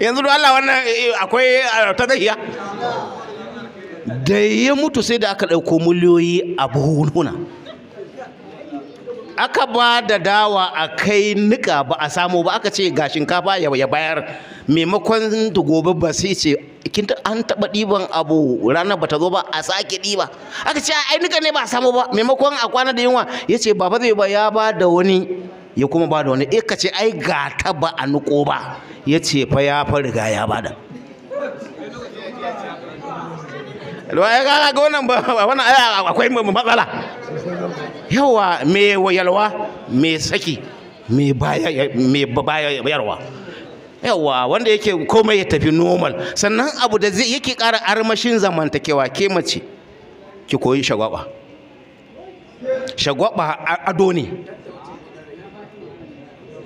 yanzu da Allah wannan eh, eh, akwai eh, ta zahiya da ya mutu sai da aka ɗauko miliyoyi a buhuhuna aka ba da dawa a kai nika ba a samu ba aka ce ga shinkafa ya bayar maimakon da gobe ba sai ce an taɓa ɗiban abu ranar ba ta zo ba a sake ɗiba aka ce ai ainihin ne ba a samu ba maimakon a kwana da yunwa ya ce baba zai ba ya ba da wani ya kuma ba da wani eh ka ce ai ga ta ba a nuko ba ya ce fa ya fa riga ya bada ya ga ga wannan ba wannan akwai matsala yawa me wayalwa me saki me baya me baya yarwa yawa wanda yake komai ya tafi normal sannan abu da zai yake ƙara armashin zamantakewa ke mace ki koyi shagwaba shagwaba ado ne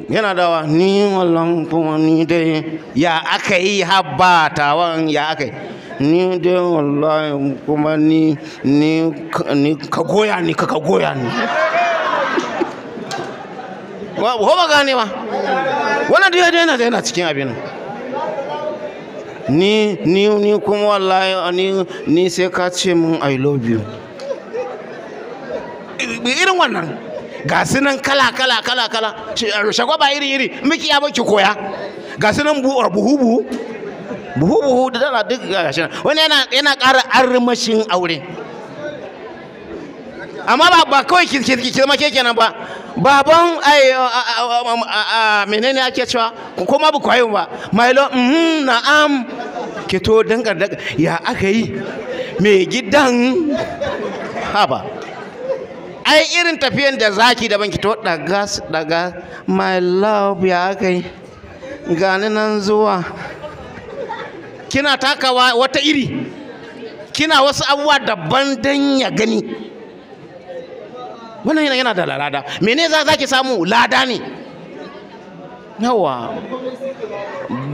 yana dawa ni wallan kuma ni dai ya aka yi habba tawan ya aka yi ni dai wallahi kuma ni ni ka goya ni ka goya ni ba ba gane ba wannan dai yana da yana cikin abin ni ni ni kuma wallahi ni ni sai ka ce mun i love you irin wannan ga su nan kala kala kala kala eh, shagwaba iri iri miki ya baki koya ga su nan eh, buhu buhu buhu buhu da dana duk gashi shi nan wani yana yana ƙara armashin aure amma ba ba kawai ki ki ki zama keke nan ba baban ai eh, menene ake cewa kuma ba ku ba ba lo mm-hmm, na'am ki to dangar ya aka yi mai gidan haba ai irin tafiyan da zaki da banki to daga daga my love ya kai gani nan zuwa kina takawa wata iri kina wasu abubuwa daban dan ya gani wannan yana da lada mene za zaki samu lada ne yawa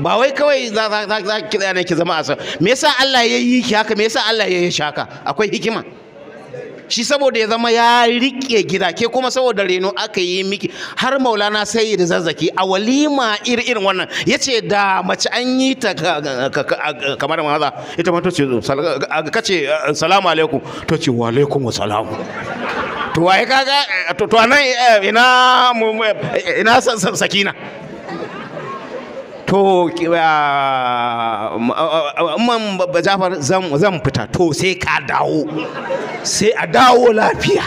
ba wai kawai za ki tsaya ne ki zama a me yasa Allah ya yi ki haka me yasa Allah ya yi shaka akwai hikima shi saboda ya zama ya riƙe gida ke kuma saboda reno aka yi miki har maulana sai da zazzaki a walima irin wannan ya ce da mace an yi ta kamar maza ita ma ta ce kace salamu alaikum ta ce wa alaikum wa salamu to waye kaga to nan eh, ina ina sakina to um, uh, uh, uh, man jafar zan fita to sai ka dawo sai a dawo lafiya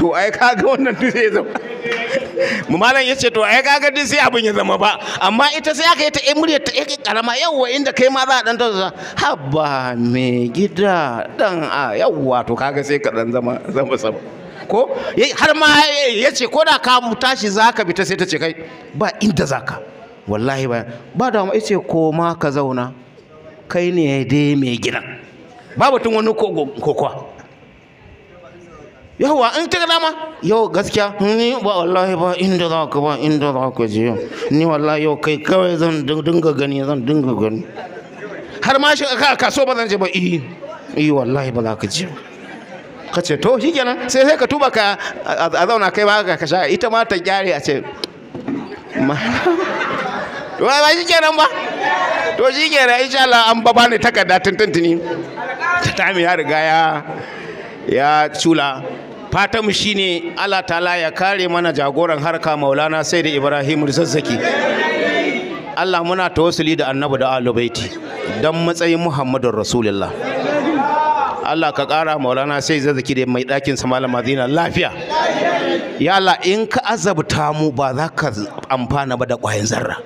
to ai kaga wannan duk zai zama malam ya ce to ai kaga duk sai abin ya zama ba amma ita sai aka yi ta eh, ai ta yake eh, karama yawa inda kai ma za a dan tausa haba me gida dan a yawa to kaga sai ka dan zama zama sama ko eh, har ma ya ce ko da ka mu tashi ka bi ta sai ta ce kai ba inda zaka wallahi ba ba da mai ce koma ka zauna kai ne dai mai gidan ba batun wani kokowa yawwa in ta dama yau gaskiya ni ba wallahi ba inda za ka ba inda za ka je ni wallahi yau kai kawai zan dinga gani zan dinga gani har ma shi ka kaso ba zan je ba i eh, eh, wallahi ba za ka je ka ce to shi kenan sai sai ka tuba ka a zauna kai ba ka sha ita ma ta gyare a ce to ba shi kenan ba to shi kenan insha Allah an ba bani takarda tuntuntuni ta ya riga ya ya cula mu shine Allah ta'ala ya kare mana jagoran harka maulana sai da Ibrahim Rizzaki Allah muna tawassuli da annabi da Baiti don matsayin Muhammadur Rasulullah Allah ka ƙara maulana sai Rizzaki da mai dakin sa malam Madina lafiya ya Allah in ka azabta mu ba za ka amfana ba da ƙwayan zarra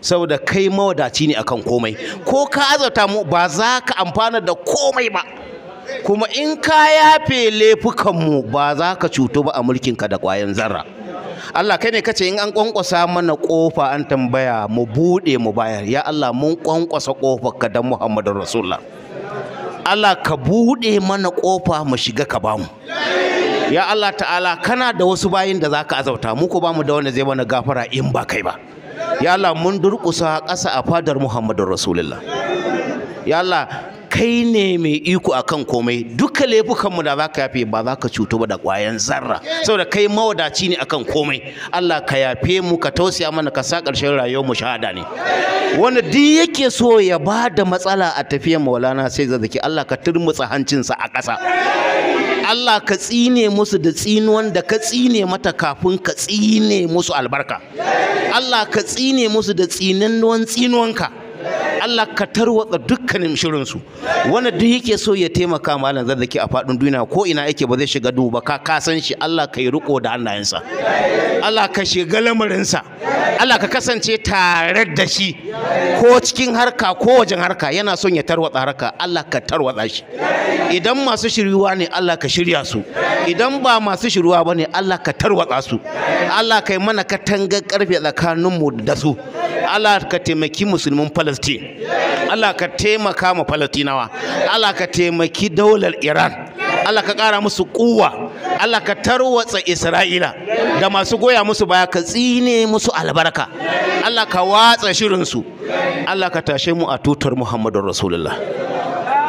saboda kai mawadaci ne akan komai ko ka azauta mu ba za ka amfana da komai ba kuma in ka yafe laifukanmu ba za ka cuto ba a mulkin ka da ƙwayan zarra Allah kai ne kace in an kwankwasa mana kofa an tambaya mu bude mu bayar ya Allah mun kwankwasa kofar ka dan Muhammadu Rasulullah Allah ka bude mana kofa mu shiga ka bamu ya Allah ta'ala kana da wasu bayin da zaka azauta mu ko bamu da wanda zai mana gafara in ba kai ba ya Allah mun durƙusa ƙasa a fadar Muhammadu Rasulullah ya Allah kai ne mai iko akan komai duka laifukanmu da zaka ka yafe ba za ka cuto ba da ƙwayan zarra saboda kai mawadaci ne akan komai Allah ka yafe mu ka tausaya mana ka sa ƙarshen rayuwar mu shahada ne wanda duk yake so ya ba da matsala a tafiyar maulana sai zazzaki Allah ka turmutsa hancinsa a ƙasa Allah ka tsine musu da tsinuwan da ka tsine mata kafin ka tsine musu albarka Allah ka tsine musu da tsinannuwan tsinuwanka Allah ka tarwatsa dukkanin shirinsu wanda duk yake so ya taimaka malam zazzaki a faɗin duniya ko ina yake ba zai shiga duhu ba ka kasan shi Allah ka yi riko da hannayensa Allah ka shiga lamarinsa Allah ka kasance tare da shi ko cikin harka ko wajen harka yana son ya tarwatsa harka Allah ka tarwatsa shi idan masu shiruwa ne Allah ka shirya su idan ba masu shiruwa ba ne Allah ka tarwatsa su Allah ka yi mana katangar karfe tsakaninmu da su Allah ka taimaki musulmin fal Palestine Allah ka taimaka ma Palestinawa Allah ka taimaki daular Iran Allah ka ƙara musu kuwa Allah ka tarwatsa Isra'ila da masu goya musu baya ka tsine musu albarka Allah ka watsa shirinsu Allah ka tashe mu a tutar Muhammadu Rasulullah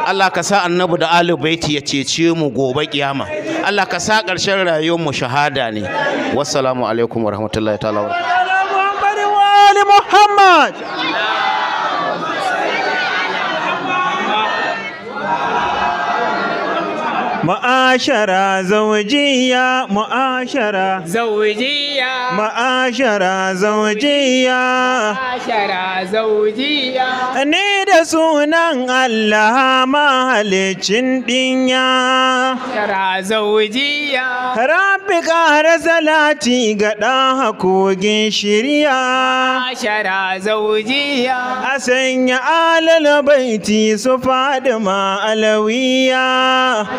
Allah ka sa Annabu da Ali baiti ya cece mu gobe kiyama Allah ka sa ƙarshen rayuwar mu shahada ne wassalamu alaikum warahmatullahi ta'ala Muhammad معاشرة زوجية معاشرة زوجية معاشرة زوجية معاشرة زوجية ni da sunan Allah mahalicin dinya shara zaujiya rabbi ƙara salati ga ɗan hakogin shirya shara zaujiya a sanya alal baiti su fadima alawiya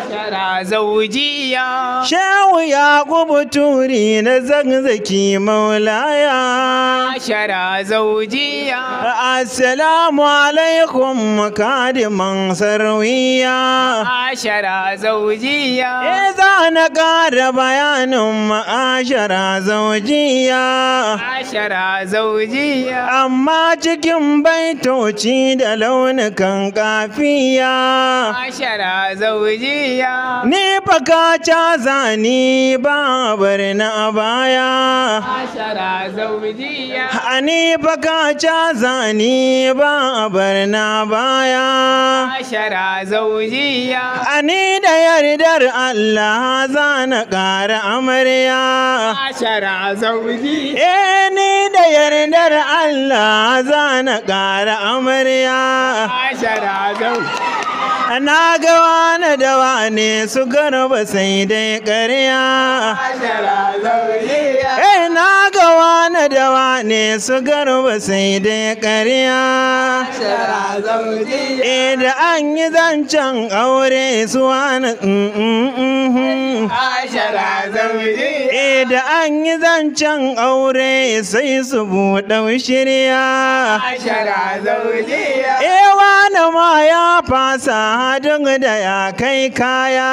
shara zaujiya shehu ya turi na zanzaki maulaya shara zaujiya assalamu alaikum makariman sarwiya shara zaujiya e, za na kara bayanin ma'ashara zaujiya ashara zaujiya amma cikin baitoci da launukan kafiya ashara zaujiya ni fa ka ca zani ba bar na baya ashara zawjiya ni fa ka ca zani ba bar na baya ashara zawjiya ni da yardar Allah zan kara amarya ashara zawjiya eh ni da yardar Allah zan kara amarya ashara zawjiya na ga wani da wani su garba sai dai ƙarya na ga wane da wane su garba sai dai ƙarya e da an yi zancen aure su wane mm, mm, mm, e da an yi zancen aure sai su buɗe shirya ewa na ma ya fasa duk da ya kai kaya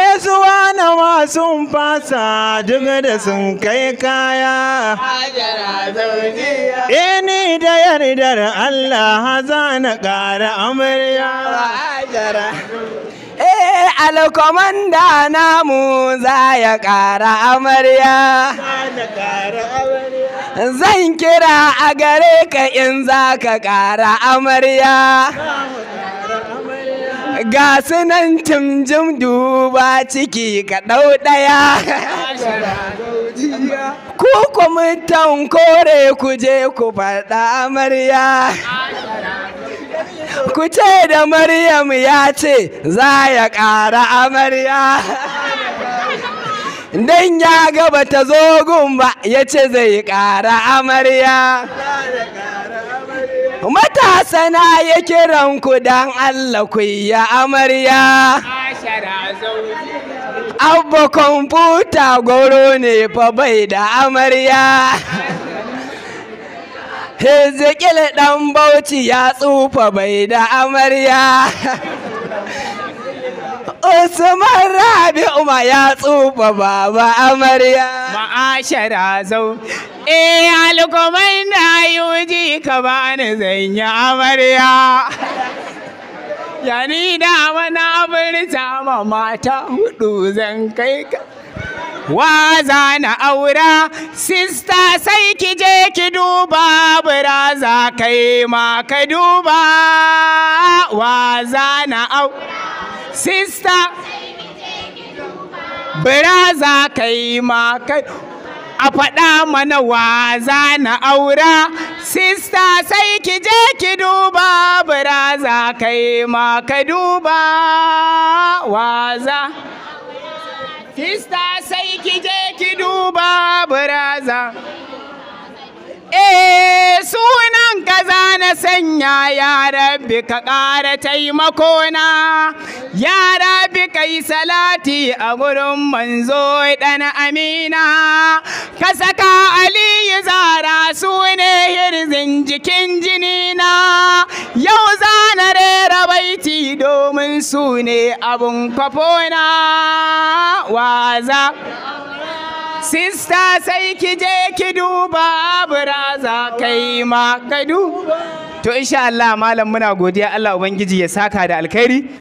e su wane ma sun fasa duk duk da sun kai kaya ini e, da yardar Allah za na ƙara amarya Eh, alkomanda namu za ya ƙara amarya. Zan kira a gare ka in za ka ƙara amarya. ga sunan duba ciki ka ɗau ɗaya ku kwamitan kore ku je ku faɗa amarya ku ce da maryam ya ce za ya ƙara amarya dan ya gaba ta zo gumba ya ce zai ƙara amarya Matasa na ya kiran ku dan Allah ku ya amarya abba kwamfuta goro ne fa bai da amarya Hezekiel dan bauchi ya tsufa bai da amarya Usman Rabi'u ma ya tsufa baba amarya. Ma'ashara zau. Eh alkomai na yuji ka bani zanya amarya. Yani da wani abin ma mata hudu zan kai ka. za na aura, sista sai ki je ki duba, Bura za kai ma ka duba. za na aura. sister braza kai ma kai a faɗa mana waza na aura sista sai ki je ki duba braza kai ma ka duba waza sista sai ki je ki duba braza eh sunan kaza na sanya ya rabbi ka ƙara taimako na ya rabbi ka yi salati a gurin manzo dan amina ka saka aliyu zara su ne hirzin jikin jini na yau na rera baiti domin su ne abun kwafona waza sista sai ki je ki duba buraza kai ma ka duba to insha Allah malam muna godiya Allah ubangiji ya saka da alkhairi